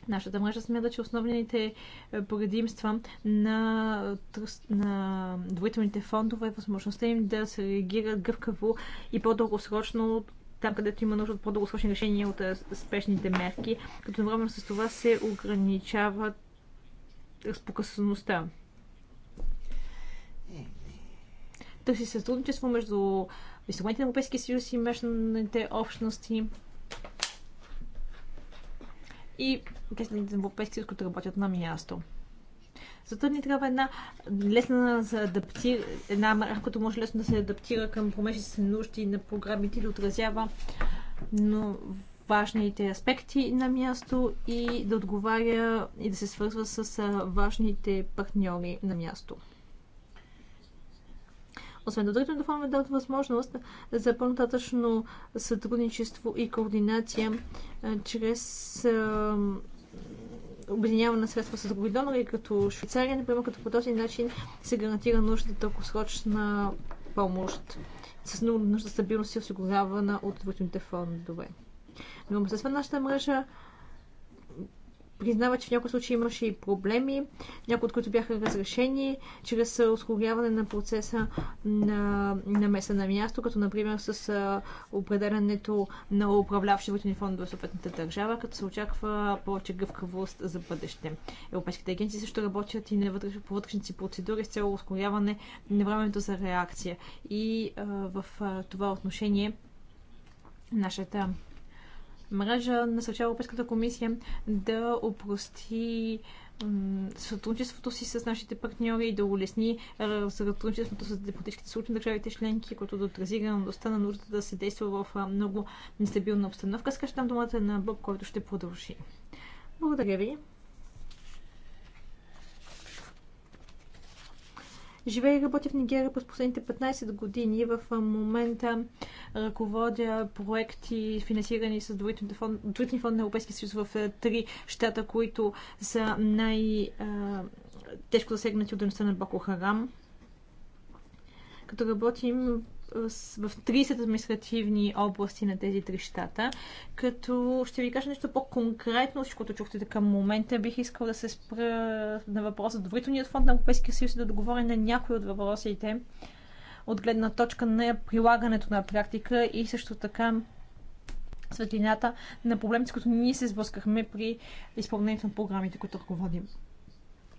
Нашата мрежа смята, че основните е, предимства на, на двоителните фондове е възможността им да се реагират гъвкаво и по-дългосрочно там, където има нужда от по-дългосрочни решения от е, спешните мерки, като едновременно с това се ограничава разпокъсаността. Търси сътрудничество между инструментите на Европейския съюз и местните общности и гражданите европейски, Европейския които работят на място. Затова ни трябва една лесна за адаптира, една мрежа, която може лесно да се адаптира към промежните нужди на програмите и да отразява но важните аспекти на място и да отговаря и да се свързва с важните партньори на място. Освен доверителните фондове дават възможност за по-нататъчно сътрудничество и координация чрез обединяване на средства с други донори, като Швейцария, например, като по този начин се гарантира нужда дългосрочна помощ с нужда стабилност и осигурявана от валутните фондове. Но с нашата мрежа признава, че в някои случаи имаше и проблеми, някои от които бяха разрешени чрез ускоряване на процеса на, на меса на място, като например с определянето на управляващите фондове в съответната държава, като се очаква повече гъвкавост за бъдеще. Европейските агенции също работят и на вътреш, по вътрешници процедури с цяло ускоряване на времето за реакция. И а, в а, това отношение нашата мрежа насърчава Европейската комисия да опрости сътрудничеството си с нашите партньори и да улесни сътрудничеството с дипломатическите служби на държавите членки, което да отрази реалността на нуждата да се действа в много нестабилна обстановка. Сега там думата на Боб, който ще продължи. Благодаря ви. Живея и работя в Нигерия през последните 15 години. В момента ръководя проекти, финансирани с Дворитни фонд, на Европейския съюз в е, три щата, които са най-тежко е, засегнати от дъността на Боко Харам. Като работим в 30 административни области на тези три щата. Като ще ви кажа нещо по-конкретно, защото чухте към момента, бих искал да се спра на въпроса Доверителният фонд на Европейския съюз да договоря на някои от въпросите от гледна точка на прилагането на практика и също така светлината на проблемите, които ние се сблъскахме при изпълнението на програмите, които ръководим.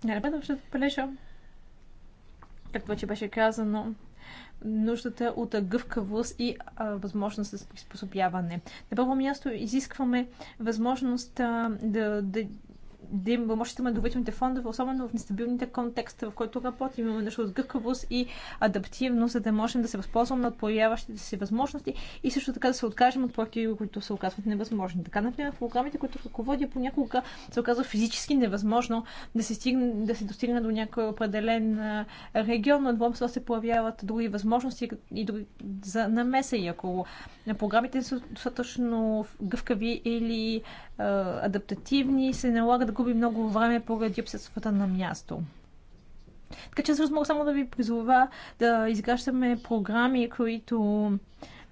най бъдам ще отбележа, както вече беше казано, нуждата от гъвкавост и а, възможност за приспособяване. На първо място изискваме възможност а, да, да да има да на доверителните фондове, особено в нестабилните контекста, в който работим. Имаме нужда от гъвкавост и адаптивност, за да можем да се възползваме от появяващите се възможности и също така да се откажем от проекти, които се оказват невъзможни. Така, например, в програмите, които ръководя, понякога се оказва физически невъзможно да се, стигне, да се достигне до някой определен регион, но отвън се появяват други възможности и други за намеса. И ако програмите са достатъчно гъвкави или адаптативни, се налага да губи много време поради обсъдствата на място. Така че всъщност мога само да ви призова да изграждаме програми, които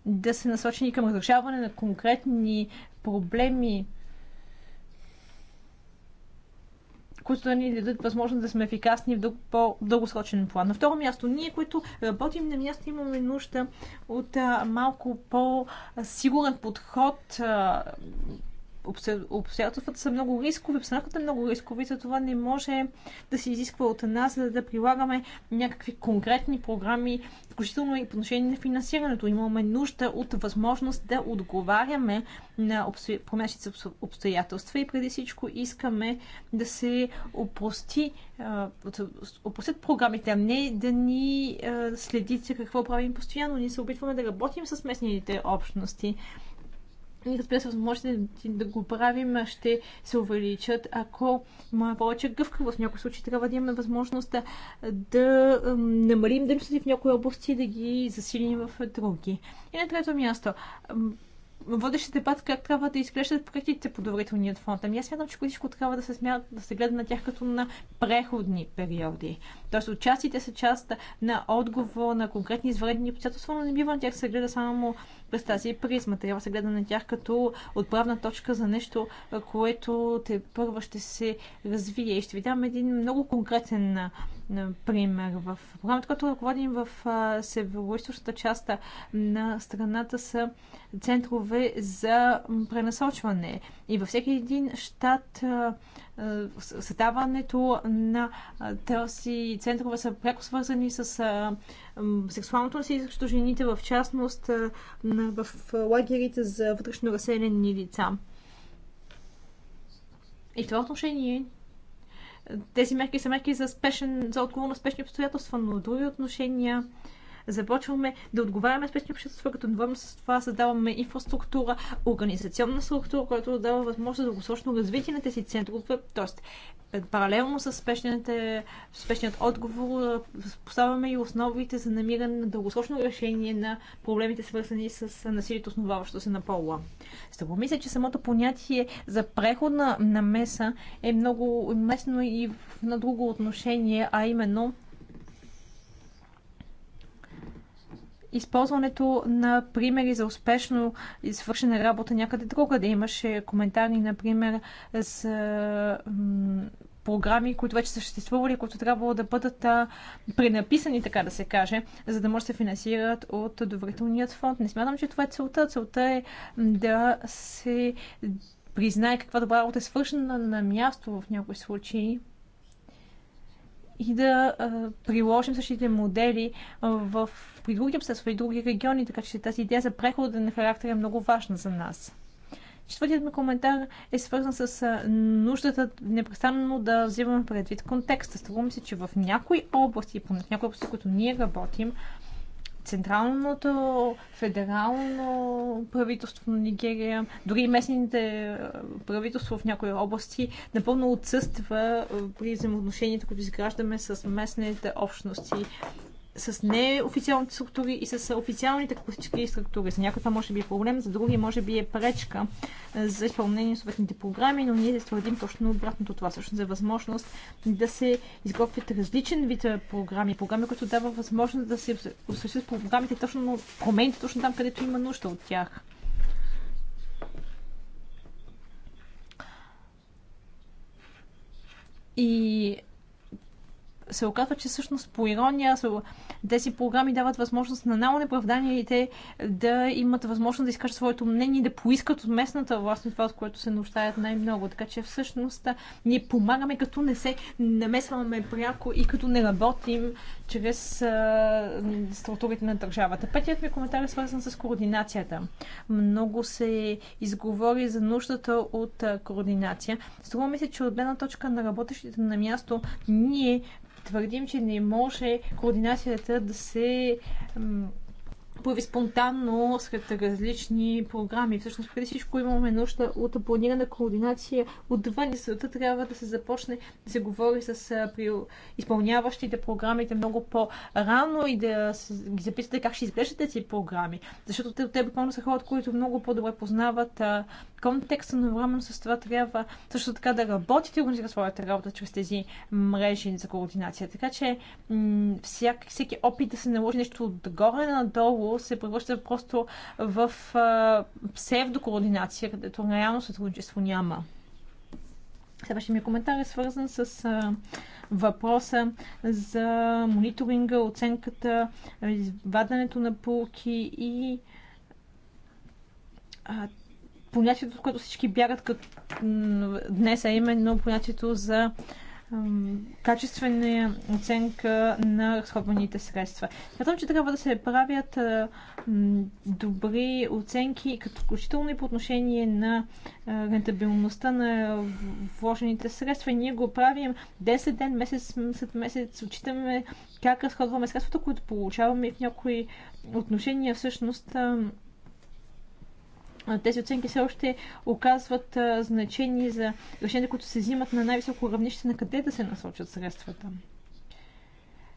да са насочени към разрешаване на конкретни проблеми, които да ни дадат възможност да сме ефикасни в дъл... по-дългосрочен план. На второ място, ние, които работим на място, имаме нужда от а, малко по-сигурен подход а, обстоятелствата са много рискови, обстановката е много рискови, за това не може да се изисква от нас да, да прилагаме някакви конкретни програми, включително и по отношение на финансирането. Имаме нужда от възможност да отговаряме на обсто... обстоятелства и преди всичко искаме да се опрости, опростят програмите, а не да ни следите какво правим постоянно. Ние се опитваме да работим с местните общности и разбира се, възможностите да го правим ще се увеличат, ако имаме повече гъвкавост. В някои случаи трябва да имаме възможност да намалим дейностите в някои области и да ги засилим в други. И на трето място, водещ дебат как трябва да изглеждат проектите по доверителният фонд. Ами аз смятам, че всичко трябва да се, смят, да се гледа на тях като на преходни периоди. Тоест, участите са част на отговор на конкретни извредни обстоятелства, но не бива на тях се гледа само през тази призма. Трябва да се гледа на тях като отправна точка за нещо, което те първо ще се развие. И ще ви дам един много конкретен пример. В програмата, която ръководим в северо част на страната са центрове за пренасочване. И във всеки един щат създаването на този центрове са пряко свързани с а, сексуалното насилие срещу жените, в частност а, в лагерите за вътрешно разселени лица. И в това отношение тези мерки са мерки за, спешен, за отговор на спешни обстоятелства, но други отношения започваме да отговаряме с общества, като отговорим с това създаваме инфраструктура, организационна структура, която дава възможност за дългосрочно развитие на тези центрове. Тоест, е, паралелно с спешният отговор е, поставяме и основите за намиране на дългосрочно решение на проблемите, свързани с насилието, основаващо се на пола. Струва мисля, че самото понятие за преходна намеса е много местно и в на друго отношение, а именно използването на примери за успешно извършена работа някъде друга. Да имаше коментари, например, за програми, които вече съществували, които трябвало да бъдат а, пренаписани, така да се каже, за да може да се финансират от доверителният фонд. Не смятам, че това е целта. Целта е да се признае каква добра работа е свършена на място в някои случаи и да а, приложим същите модели а, в, при други обстоятелства и други региони, така че тази идея за преходен характер е много важна за нас. Четвъртият ми коментар е свързан с нуждата непрестанно да взимаме предвид контекста. Струва ми се, че в някои области, поне в някои области, които ние работим, централното федерално правителство на Нигерия, дори и местните правителства в някои области, напълно отсъства при взаимоотношенията, които изграждаме с местните общности с неофициалните структури и с официалните класически структури. За някои това може би е проблем, за други може би е пречка за изпълнение на съответните програми, но ние се твърдим точно обратното това, всъщност за е възможност да се изготвят различен вид програми, програми, които дава възможност да се осъществят програмите точно промените точно там, където има нужда от тях. И се оказва, че всъщност по ирония тези програми дават възможност на неправданиите да имат възможност да изкажат своето мнение и да поискат от местната власт това, от което се нуждаят най-много. Така че всъщност ние помагаме като не се намесваме пряко и като не работим чрез а, структурите на държавата. Петият ми коментар е свързан с координацията. Много се изговори за нуждата от координация. Струва ми се, че от гледна точка на работещите на място ние твърдим, че не може координацията да се появи спонтанно сред различни програми. Всъщност, преди всичко имаме нужда от планирана координация. Отвън и света трябва да се започне да се говори с изпълняващите програмите много по-рано и да ги записате как ще изглеждат тези програми. Защото те, те буквално са хората, които много по-добре познават контекста, но време с това трябва също така да работите и организира своята работа чрез тези мрежи за координация. Така че всяк, всеки опит да се наложи нещо отгоре надолу се превръща просто в псевдокоординация, където реално сътрудничество няма. Следващия ми коментар е свързан с въпроса за мониторинга, оценката, извадането на полки и понятието, от което всички бягат като, днес, а именно понятието за качествена оценка на разходваните средства. Смятам, че трябва да се правят добри оценки, като включително и по отношение на рентабилността на вложените средства. ние го правим 10 ден, месец след месец, отчитаме как разходваме средствата, които получаваме и в някои отношения всъщност тези оценки все още оказват значение за решения, които се взимат на най-високо равнище, на къде да се насочат средствата.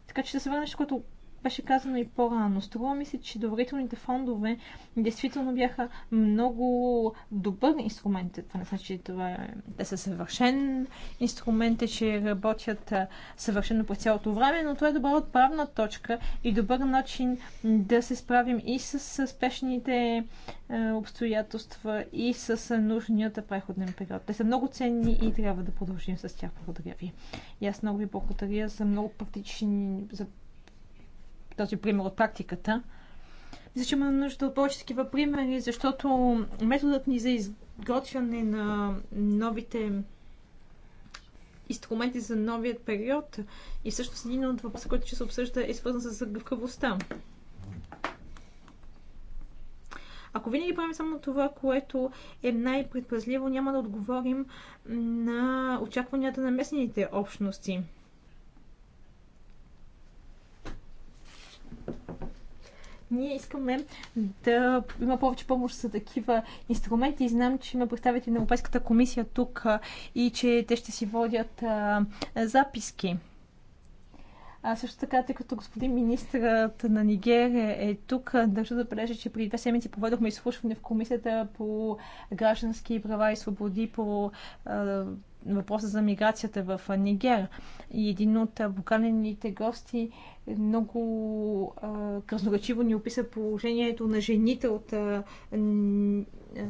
Така че да се върнеш, което беше казано и по-рано. Струва ми се, че доверителните фондове действително бяха много добър инструмент. Това не значи, че това, е- те са съвършен инструмент, е, че работят съвършено по цялото време, но това е добра отправна точка и добър начин да се справим и с спешните обстоятелства, и с нужният преходен период. Те са много ценни и трябва да продължим с тях. Благодаря ви. И аз много ви благодаря за много практични, за този пример от практиката. Мисля, че имаме нужда от повече такива примери, защото методът ни за изготвяне на новите инструменти за новият период и е всъщност един от въпроса, който ще се обсъжда е свързан с гъвкавостта. Ако винаги правим само това, което е най-предпазливо, няма да отговорим на очакванията на местните общности. Ние искаме да има повече помощ за такива инструменти и знам, че има представители на Европейската комисия тук и че те ще си водят записки. А също така, тъй като господин министрът на Нигерия е тук, държа да бележа, че преди две седмици проведохме изслушване в Комисията по граждански права и свободи по въпроса за миграцията в Нигер. И един от поканените гости много красноречиво ни описа положението на жените от е,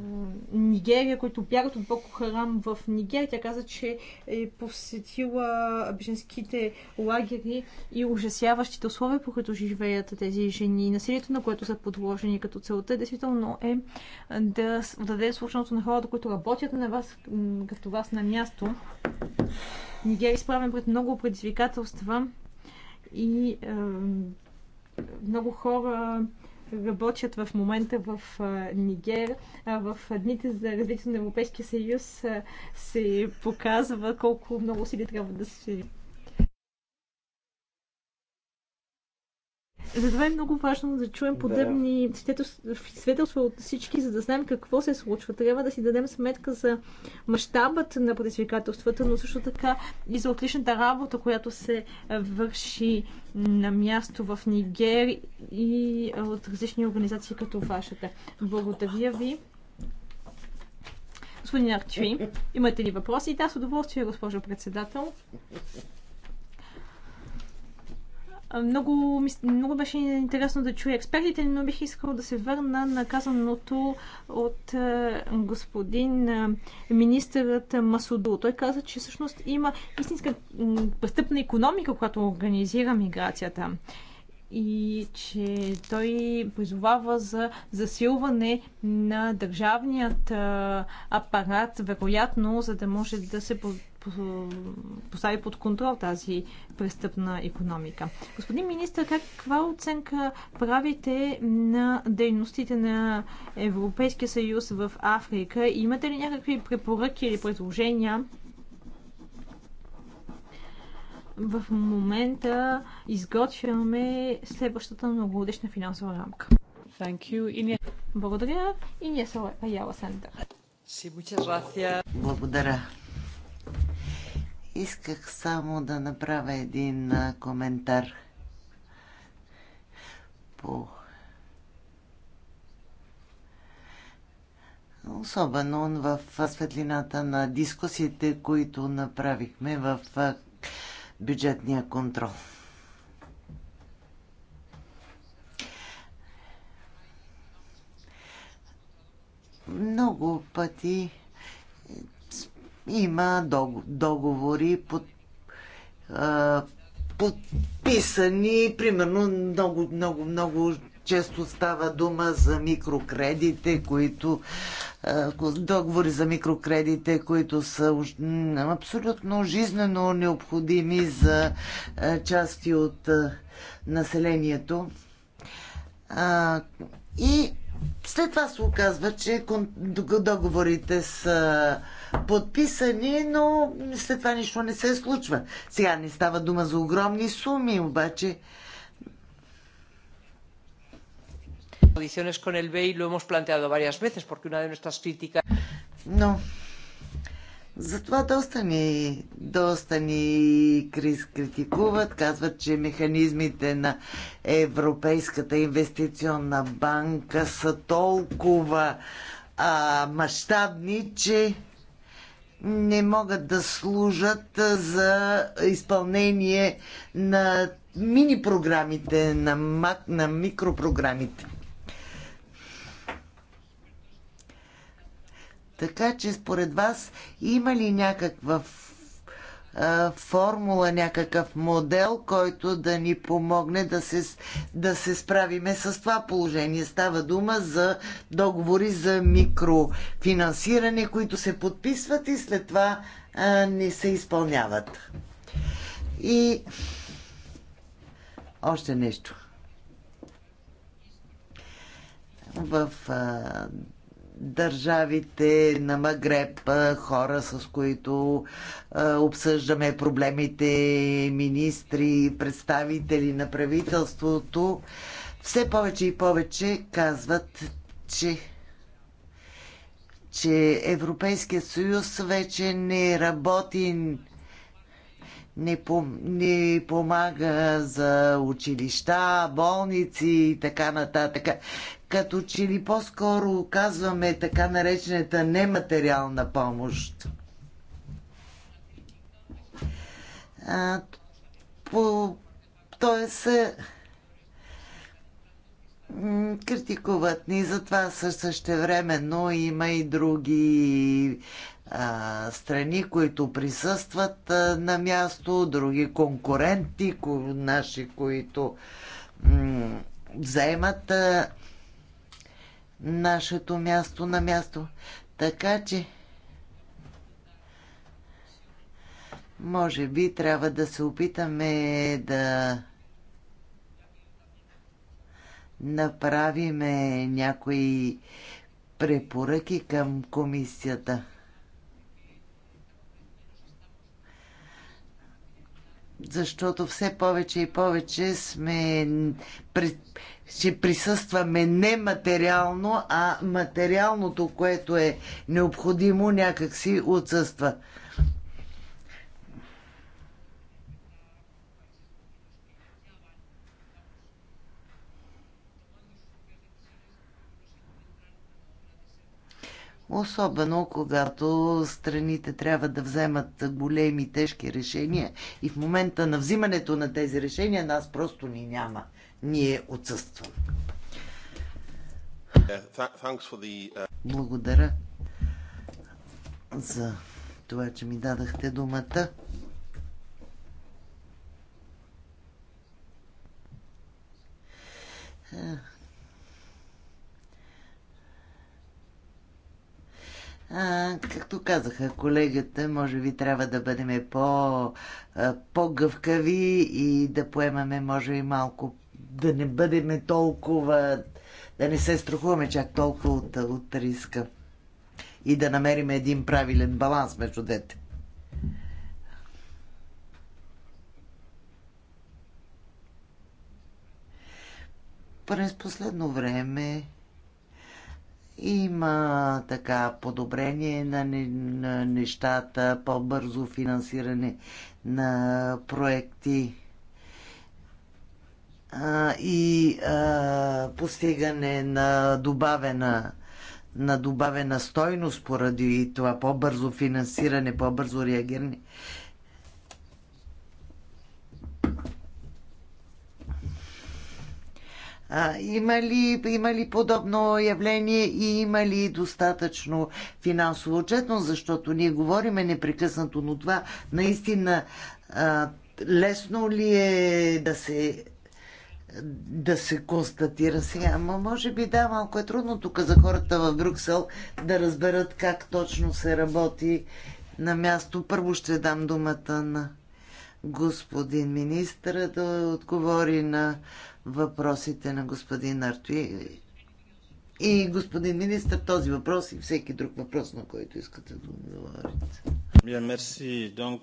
Нигерия, които бягат от Боко Харам в Нигерия. Тя каза, че е посетила женските лагери и ужасяващите условия, по които живеят тези жени. Насилието, на което са подложени като целта, действително е да даде слушането на хората, които работят на вас, като вас на място. Нигерия е изправен пред много предизвикателства и е, много хора работят в момента в Нигер. В дните за развитие на Европейския съюз се показва колко много сили трябва да се Затова е много важно да чуем подобни да. свидетелства от всички, за да знаем какво се случва. Трябва да си дадем сметка за мащабът на предизвикателствата, но също така и за отличната работа, която се върши на място в Нигер и от различни организации като вашата. Благодаря ви. Господин Арчуин, имате ли въпроси? Да, с удоволствие, госпожо председател. Много, много беше интересно да чуя експертите, но бих искал да се върна на казаното от господин министърът Масудо. Той каза, че всъщност има истинска престъпна економика, която организира миграцията и че той призовава за засилване на държавният апарат, вероятно, за да може да се постави под контрол тази престъпна економика. Господин министр, каква оценка правите на дейностите на Европейския съюз в Африка? Имате ли някакви препоръки или предложения в момента изготвяме следващата многогодишна финансова рамка. Thank you. Иния... Благодаря. Иния Аяла Сендър. Благодаря. Исках само да направя един коментар по особено в светлината на дискусиите, които направихме в бюджетния контрол. Много пъти има договори под, а, подписани, примерно много, много, много често става дума за микрокредите, които договори за микрокредите, които са абсолютно жизнено необходими за части от населението. И след това се оказва, че договорите са подписани, но след това нищо не се случва. Сега не става дума за огромни суми, обаче condiciones con el BEI lo hemos planteado varias veces, porque una de nuestras críticas. No. Затова доста ни, доста ни критикуват. Казват, че механизмите на Европейската инвестиционна банка са толкова а, мащабни, че не могат да служат за изпълнение на мини-програмите, на, мак, на микропрограмите. Така че според вас има ли някаква формула, някакъв модел, който да ни помогне да се, да се справиме с това положение. Става дума за договори за микрофинансиране, които се подписват и след това а, не се изпълняват. И още нещо. В а, държавите на Магреб, хора с които обсъждаме проблемите, министри, представители на правителството, все повече и повече казват, че че Европейския съюз вече не работи, не, пом- не помага за училища, болници и така нататък като че ли по-скоро оказваме така наречената нематериална помощ. А, по, тоест, е, критикуват ни, затова същевременно има и други а, страни, които присъстват а, на място, други конкуренти, ко- наши, които м- заемат а, нашето място на място. Така че, може би трябва да се опитаме да направиме някои препоръки към комисията. защото все повече и повече сме ще присъстваме не материално, а материалното, което е необходимо, някакси отсъства. Особено когато страните трябва да вземат големи, тежки решения и в момента на взимането на тези решения нас просто ни няма ние отсъстваме. Uh, Благодаря за това, че ми дадахте думата. А, както казаха колегата, може би трябва да бъдем по, по-гъвкави и да поемаме, може би, малко да не бъдеме толкова, да не се страхуваме чак толкова от, от риска и да намерим един правилен баланс между двете. През последно време има така подобрение на, не, на нещата, по-бързо финансиране на проекти и постигане на добавена на добавена стойност поради това по-бързо финансиране, по-бързо реагиране. А, има, ли, има ли подобно явление и има ли достатъчно финансово отчетност, защото ние говориме непрекъснато, но това наистина а, лесно ли е да се да се констатира сега. Ама може би да, малко е трудно тук за хората в Брюксел да разберат как точно се работи на място. Първо ще дам думата на господин министър, да отговори на въпросите на господин Артуи. И господин министр, този въпрос и всеки друг въпрос, на който искате да отговорите. Мерси. Донк,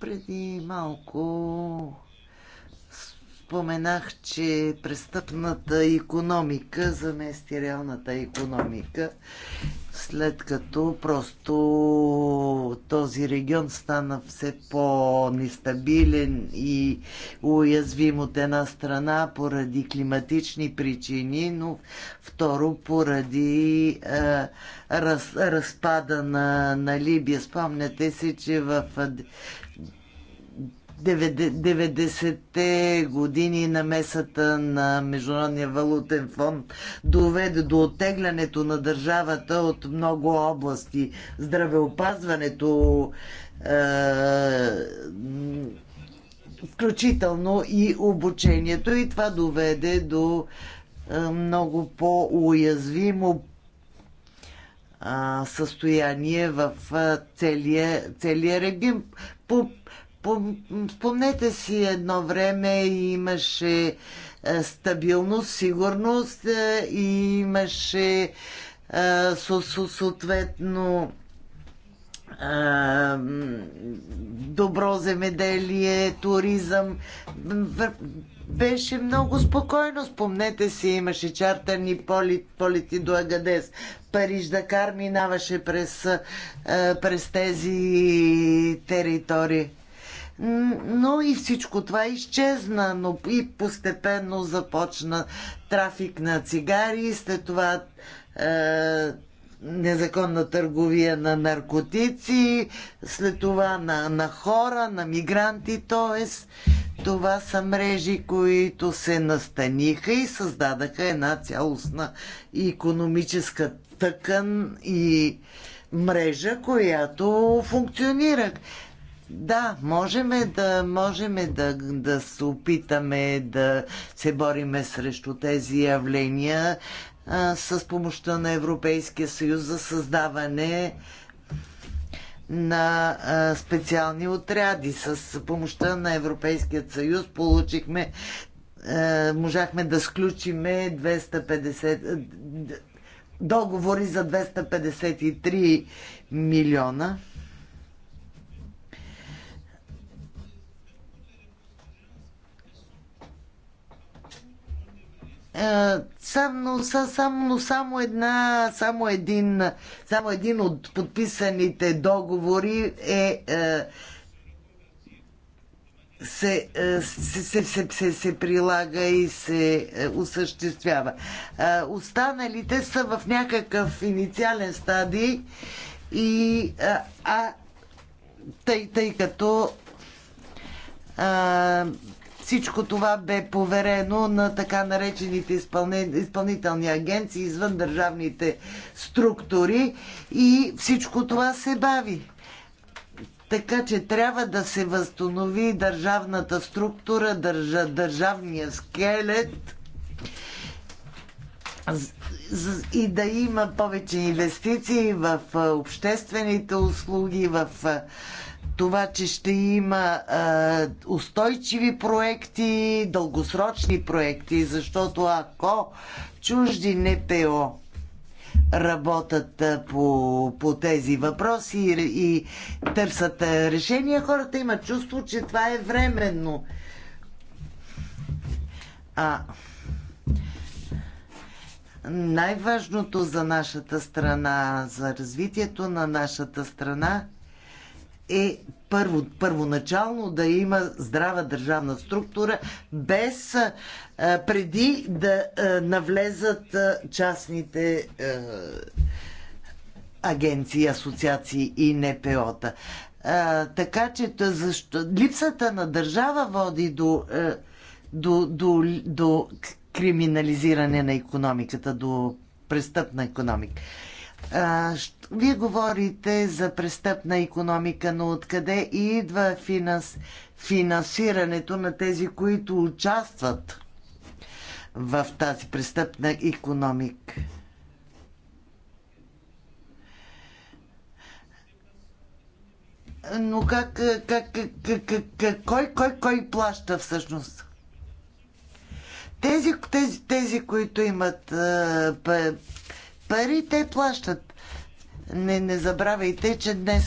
преди малко Споменах, че престъпната економика замести реалната економика, след като просто този регион стана все по-нестабилен и уязвим от една страна поради климатични причини, но второ поради а, е, раз, разпада на, на Либия. Спомняте се, че в 90-те години на месата на Международния валутен фонд доведе до оттеглянето на държавата от много области. Здравеопазването, е, включително и обучението. И това доведе до е, много по-уязвимо състояние в е, целия, целия регион. По Спомнете си едно време имаше е, стабилност, сигурност е, и имаше е, съответно добро земеделие, туризъм. Беше много спокойно. Спомнете си, имаше чартани полети до Агадес. Париж Дакар минаваше през, през тези територии но и всичко това изчезна, но и постепенно започна трафик на цигари, след това е, незаконна търговия на наркотици, след това на, на хора, на мигранти, т.е. това са мрежи, които се настаниха и създадаха една цялостна економическа тъкан и мрежа, която функционира. Да, можеме да, можеме да, да се опитаме да се бориме срещу тези явления а, с помощта на Европейския съюз за създаване на а, специални отряди. С помощта на Европейския съюз получихме а, можахме да сключиме 250 договори за 253 милиона. Е, само, но само, една, само, един, само един от подписаните договори е, е се, е, се, се, се, се, се прилага и се е, осъществява. Останалите са в някакъв инициален стадий и а тъй, тъй като а, всичко това бе поверено на така наречените изпълнителни агенции извън държавните структури и всичко това се бави. Така че трябва да се възстанови държавната структура, държа, държавния скелет и да има повече инвестиции в обществените услуги, в това, че ще има а, устойчиви проекти, дългосрочни проекти, защото ако чужди НПО работят по, по тези въпроси и, и търсят решения, хората имат чувство, че това е временно. А най-важното за нашата страна, за развитието на нашата страна, е първо, първоначално да има здрава държавна структура, без а, е, преди да а, е, навлезат а, е, частните а, агенции, асоциации и НПО-та. така че защо, липсата на държава води до, а, до, до, до криминализиране на економиката, до престъпна економика. Вие говорите за престъпна економика, но откъде идва финанс, финансирането на тези, които участват в тази престъпна економика? Но как, как, как, как, как кой, кой, кой плаща всъщност? Тези, тези, тези които имат пари, те плащат не, не забравяйте, че днес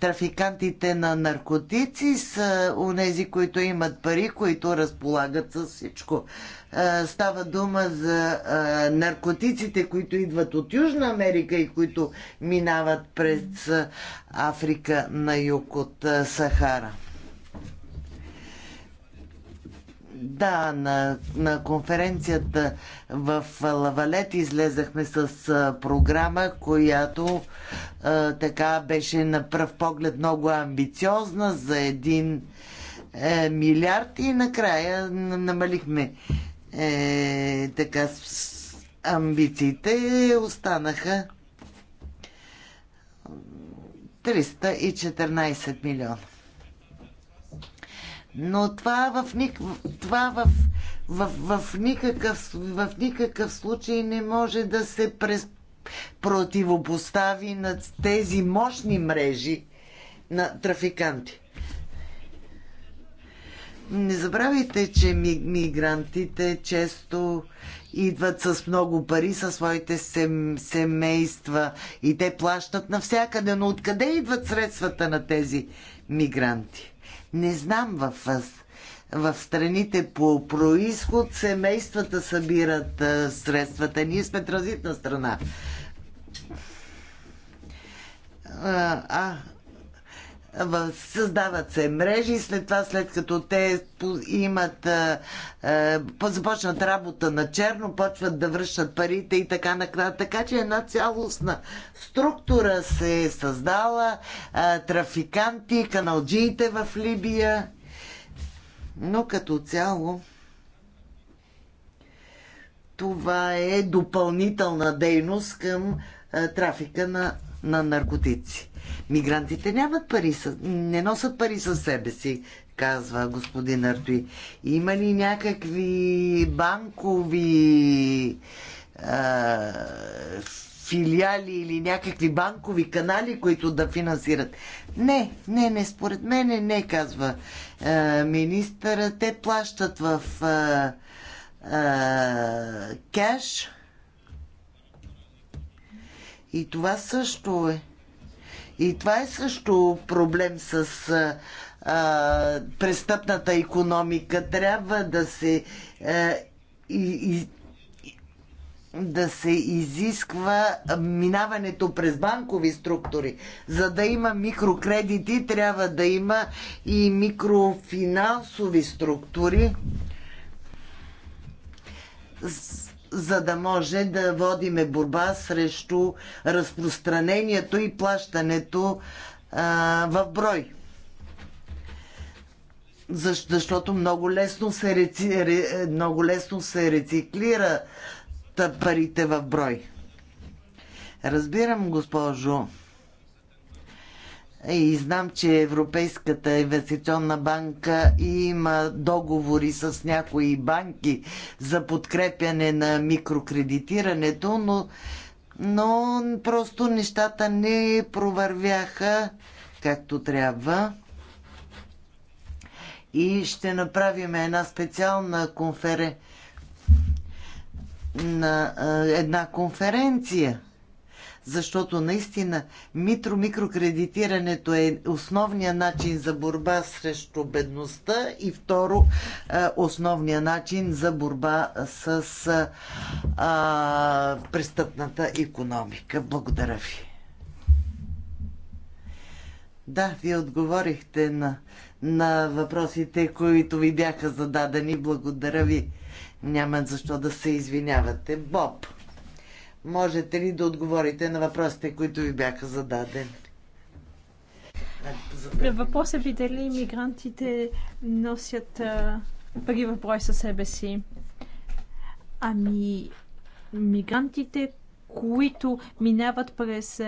трафикантите на наркотици са унези, които имат пари, които разполагат с всичко. Става дума за наркотиците, които идват от Южна Америка и които минават през Африка на юг от Сахара. Да, на, на конференцията в Лавалет излезахме с програма, която а, така беше на пръв поглед много амбициозна за един е, милиард и накрая намалихме е, така с амбициите останаха 314 милиона. Но това в, ник... това в, в, в, в, никакъв, в никакъв случай не може да се през... противопостави на тези мощни мрежи на трафиканти. Не забравяйте, че мигрантите често идват с много пари със своите семейства и те плащат навсякъде. Но откъде идват средствата на тези мигранти? Не знам в, в страните по происход семействата събират средствата. Ние сме транзитна страна. А, създават се мрежи, след това, след като те имат, започнат работа на черно, почват да връщат парите и така нататък. Така че една цялостна структура се е създала, трафиканти, каналджиите в Либия, но като цяло това е допълнителна дейност към трафика на на наркотици. Мигрантите нямат пари, не носят пари със себе си, казва господин Артуи. Има ли някакви банкови а, филиали или някакви банкови канали, които да финансират? Не, не, не, според мен не, казва а, министъра. Те плащат в а, а, кеш и това също е. И това е също проблем с а, престъпната економика. Трябва да се. А, и, и, да се изисква минаването през банкови структури. За да има микрокредити, трябва да има и микрофинансови структури за да може да водиме борба срещу разпространението и плащането а, в брой. Защо, защото много лесно се, реци, много лесно се рециклира парите в брой. Разбирам, госпожо е, и знам, че Европейската инвестиционна банка има договори с някои банки за подкрепяне на микрокредитирането, но, но просто нещата не провървяха както трябва. И ще направим една специална конференция на една конференция защото наистина митро микрокредитирането е основният начин за борба срещу бедността и второ е, основния начин за борба с е, а, престъпната економика. Благодаря ви. Да, вие отговорихте на, на въпросите, които ви бяха зададени. Благодаря ви. Няма защо да се извинявате. Боб. Можете ли да отговорите на въпросите, които ви бяха зададени? Въпросът ви дали мигрантите носят пари в брой със себе си. Ами, мигрантите които минават през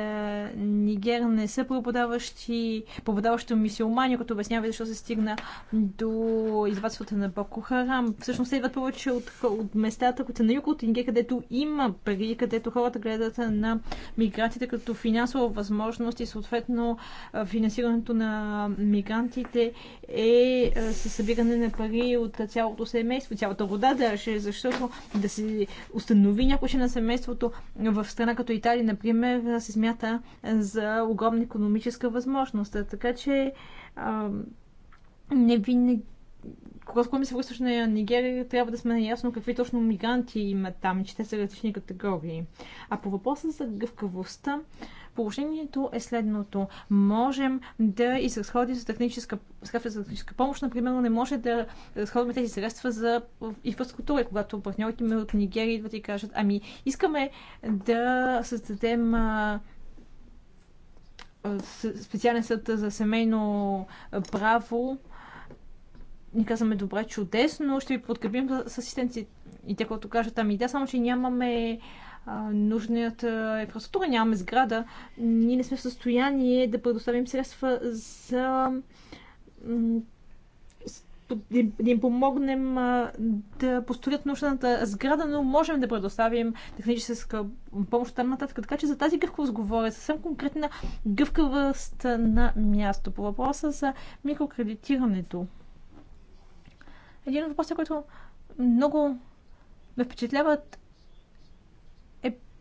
Нигер, не са прободаващи, прободаващо мисиомани, като обяснява защо се стигна до извадствата на Боко Харам. Всъщност идват повече от, от местата, които на юг от Нигер, където има пари, където хората гледат на мигрантите като финансова възможност и съответно финансирането на мигрантите е със събиране на пари от цялото семейство, цялата вода, даже, защото да се установи някой на семейството в страна като Италия, например, се смята за огромна економическа възможност. Така че не винаги когато се връщаш на Нигерия, трябва да сме наясно какви точно мигранти има там, че те са различни категории. А по въпроса за гъвкавостта, положението е следното. Можем да изразходим за техническа, средства за техническа помощ, например, но не може да разходим тези средства за инфраструктура, когато партньорите ми от Нигерия идват и кажат, ами искаме да създадем специален съд за семейно право, ни казваме, добре, чудесно, ще ви подкрепим с асистенци. И те, които кажат, и «Ами да, само, че нямаме нужната инфраструктура, нямаме сграда, ние не сме в състояние да предоставим средства за да им помогнем да построят нужната сграда, но можем да предоставим техническа помощ там нататък. Така че за тази гъвкавост говоря съвсем конкретна гъвкавост на място. По въпроса за микрокредитирането. Един от въпросите, който много ме впечатляват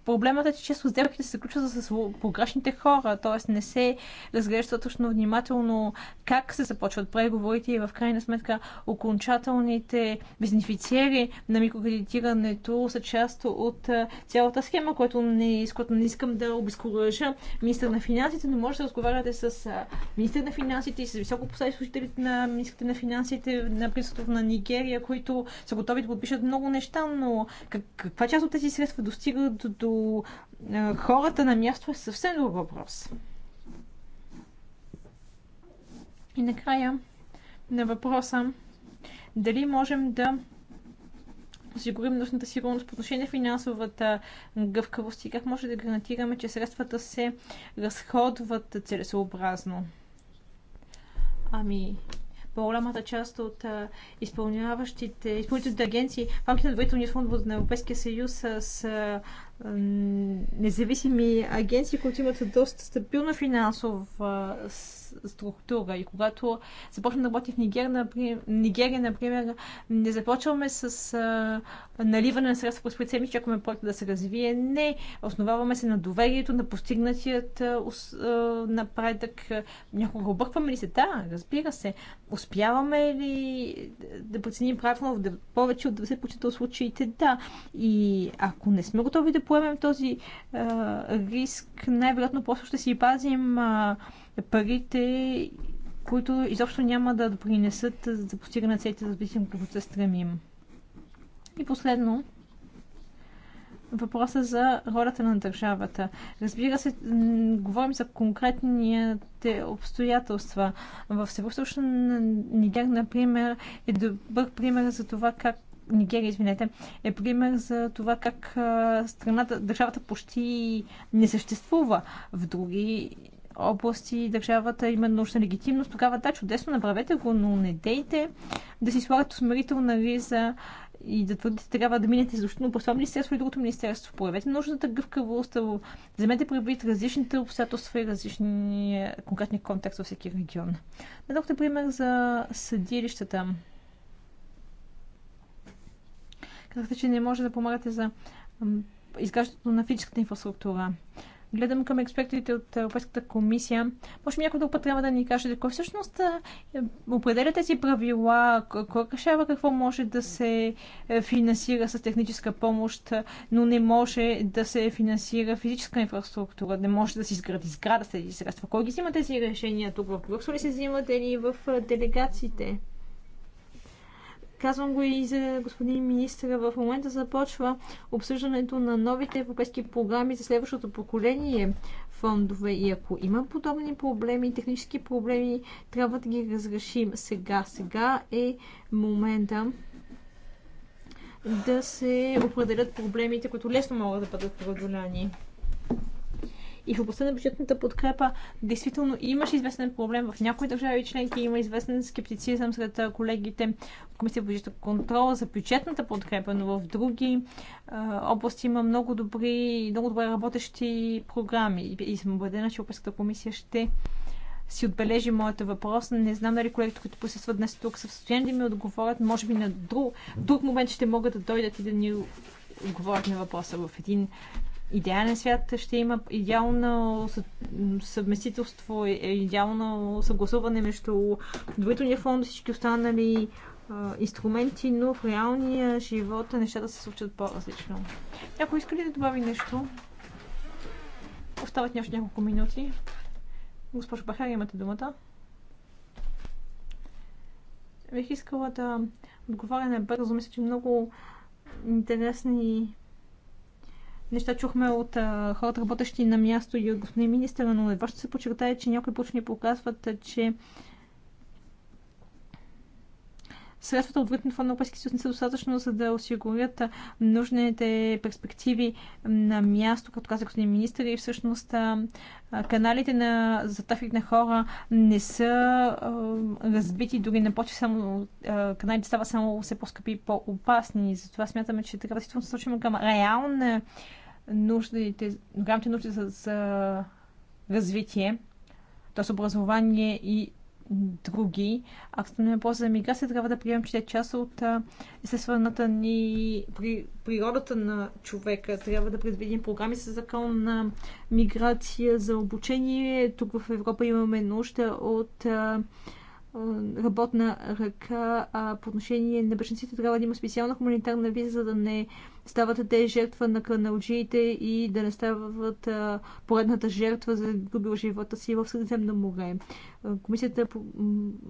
Проблемът е, че често сделките се включват с погрешните хора, т.е. не се разглежда точно внимателно как се започват преговорите и в крайна сметка окончателните бенефициери на микрокредитирането са част от цялата схема, което не, искам, е- не искам да обезкуража министър на финансите, но може да разговаряте с министър на финансите и с високо служителите на министрите на финансите на правителството на Нигерия, които са готови да подпишат много неща, но каква част от тези средства достигат до е, хората на място е съвсем друг въпрос. И накрая на въпроса дали можем да осигурим нужната сигурност по отношение на финансовата гъвкавост и как може да гарантираме, че средствата се разходват целесообразно. Ами, по-голямата част от изпълняващите, изпълнителните агенции в рамките на доверителния фонд на Европейския съюз с независими агенции, които имат доста стабилна финансова структура. И когато започнем да работим в Нигерия, например, Нигерия, например не започваме с а, наливане на средства през прицелни, чакаме проекта да се развие. Не, основаваме се на доверието, на постигнатият а, а, напредък. Някога объркваме ли се? Да, разбира се. Успяваме ли да преценим правилно в повече от 90% от случаите? Да. И ако не сме готови да поемем този а, риск, най-вероятно просто ще си пазим а, парите, които изобщо няма да допринесат за постигане на целите, за които се стремим. И последно, въпроса за ролята на държавата. Разбира се, говорим за конкретните обстоятелства. В северо Нигер, например, е добър пример за това как Нигерия, извинете, е пример за това как страната, държавата почти не съществува. В други области и държавата има нужна легитимност, тогава да, чудесно, направете го, но не дейте да си слагат усмирителна риза и да твърдите, трябва да минете защото по това министерство и другото министерство. Проявете нужната гъвкавост, вземете предвид различните обстоятелства и различни е, конкретни контекст във всеки регион. Дадохте пример за съдилищата. Казахте, че не може да помагате за изграждането на физическата инфраструктура гледам към експертите от Европейската комисия, може би някой друг път трябва да ни каже кой всъщност определя тези правила, кой решава какво може да се е, финансира с техническа помощ, но не може да се финансира физическа инфраструктура, не може да се изгради сграда с тези средства. Кой ги взима тези решения тук в Брюксел ли се взимат или в делегациите? Казвам го и за господин министра. В момента започва обсъждането на новите европейски програми за следващото поколение фондове. И ако има подобни проблеми, технически проблеми, трябва да ги разрешим сега. Сега е момента да се определят проблемите, които лесно могат да бъдат преодоляни. И в областта на бюджетната подкрепа действително имаше известен проблем. В някои държави членки има известен скептицизъм сред колегите от Комисия по бюджетна контрол за бюджетната подкрепа, но в други области има много добри, много добре работещи програми. И съм убедена, че Европейската комисия ще си отбележи моята въпрос. Не знам дали колегите, които присъстват днес тук, са в състояние да ми отговорят. Може би на друг, друг момент ще могат да дойдат и да ни отговорят на въпроса в един идеален свят ще има идеално съвместителство, идеално съгласуване между доверителния фонд и всички останали инструменти, но в реалния живот нещата се случат по-различно. Ако иска ли да добави нещо? Остават още няколко минути. Госпожо Бахар, имате думата. Бих искала да отговаря на бързо. Мисля, че много интересни неща чухме от а, хората, работещи на място и от господин министъра, но едва ще се подчертая, че някои почни показват, че средствата от вътрешния фонд на Европейски съюз не са достатъчно, за да осигурят нужните перспективи на място, като каза господин министър, и всъщност каналите на, за трафик на хора не са разбити, дори почва само, каналите стават само все по-скъпи и по-опасни. Затова смятаме, че така да се случим към реална нуждите, голямите нужди за, за развитие, т.е. образование и други. Ако стане въпрос за миграция, трябва да приемем, че е част от естествената ни при, природата на човека. Трябва да предвидим програми с закон на миграция за обучение. Тук в Европа имаме нужда от а, работна ръка. А по отношение на бъженците трябва да има специална хуманитарна виза, за да не стават те жертва на каналджиите и да не стават поредната жертва за губил живота си в Средиземно море. Комисията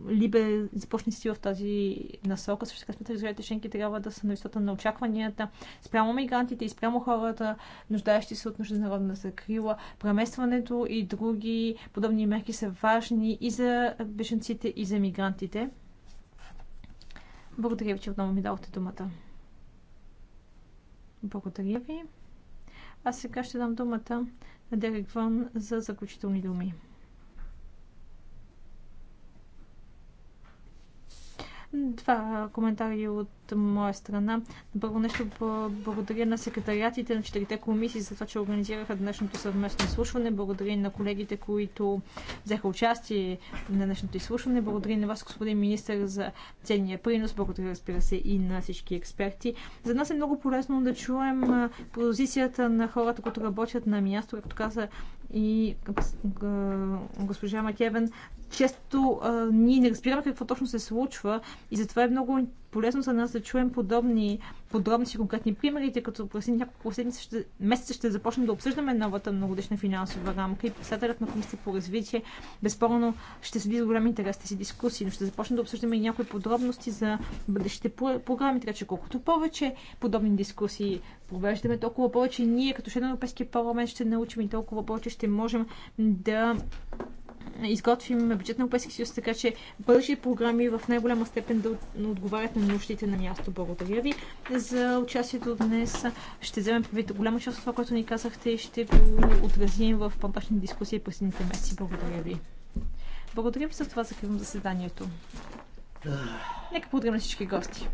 Либе започне си в тази насока. Също така сме държавите членки трябва да са на висота на очакванията спрямо мигрантите и спрямо хората, нуждаещи се от международна закрила. Преместването и други подобни мерки са важни и за беженците, и за мигрантите. Благодаря ви, че отново ми давате думата. Благодаря ви. А сега ще дам думата на Дерек Ван за заключителни думи. Два коментари от моя страна. Първо нещо благодаря на секретариатите на четирите комисии за това, че организираха днешното съвместно изслушване. Благодаря на колегите, които взеха участие на днешното изслушване. Благодаря на вас, господин министр, за ценния принос. Благодаря, разбира се, и на всички експерти. За нас е много полезно да чуем позицията на хората, които работят на място, както каза и госпожа Макевен, често а, ние не разбираме какво точно се случва и затова е много полезно за нас да чуем подобни си конкретни примери, тъй като през няколко ще, месеца ще започнем да обсъждаме новата многодишна финансова рамка и председателят на Комисията по развитие безспорно ще следи с голям интерес тези дискусии, но ще започнем да обсъждаме и някои подробности за бъдещите програми, така че колкото повече подобни дискусии провеждаме, толкова повече ние като член на Европейския парламент ще научим и толкова повече ще можем да изготвим бюджет на Европейския съюз, така че бъдещи програми в най-голяма степен да отговарят на нуждите на място. Благодаря ви за участието днес. Ще вземем предвид голяма част от това, което ни казахте и ще го отразим в по-нататъчни дискусии през следните месеци. Благодаря ви. Благодаря ви за това, закривам заседанието. Нека поздравим на всички гости.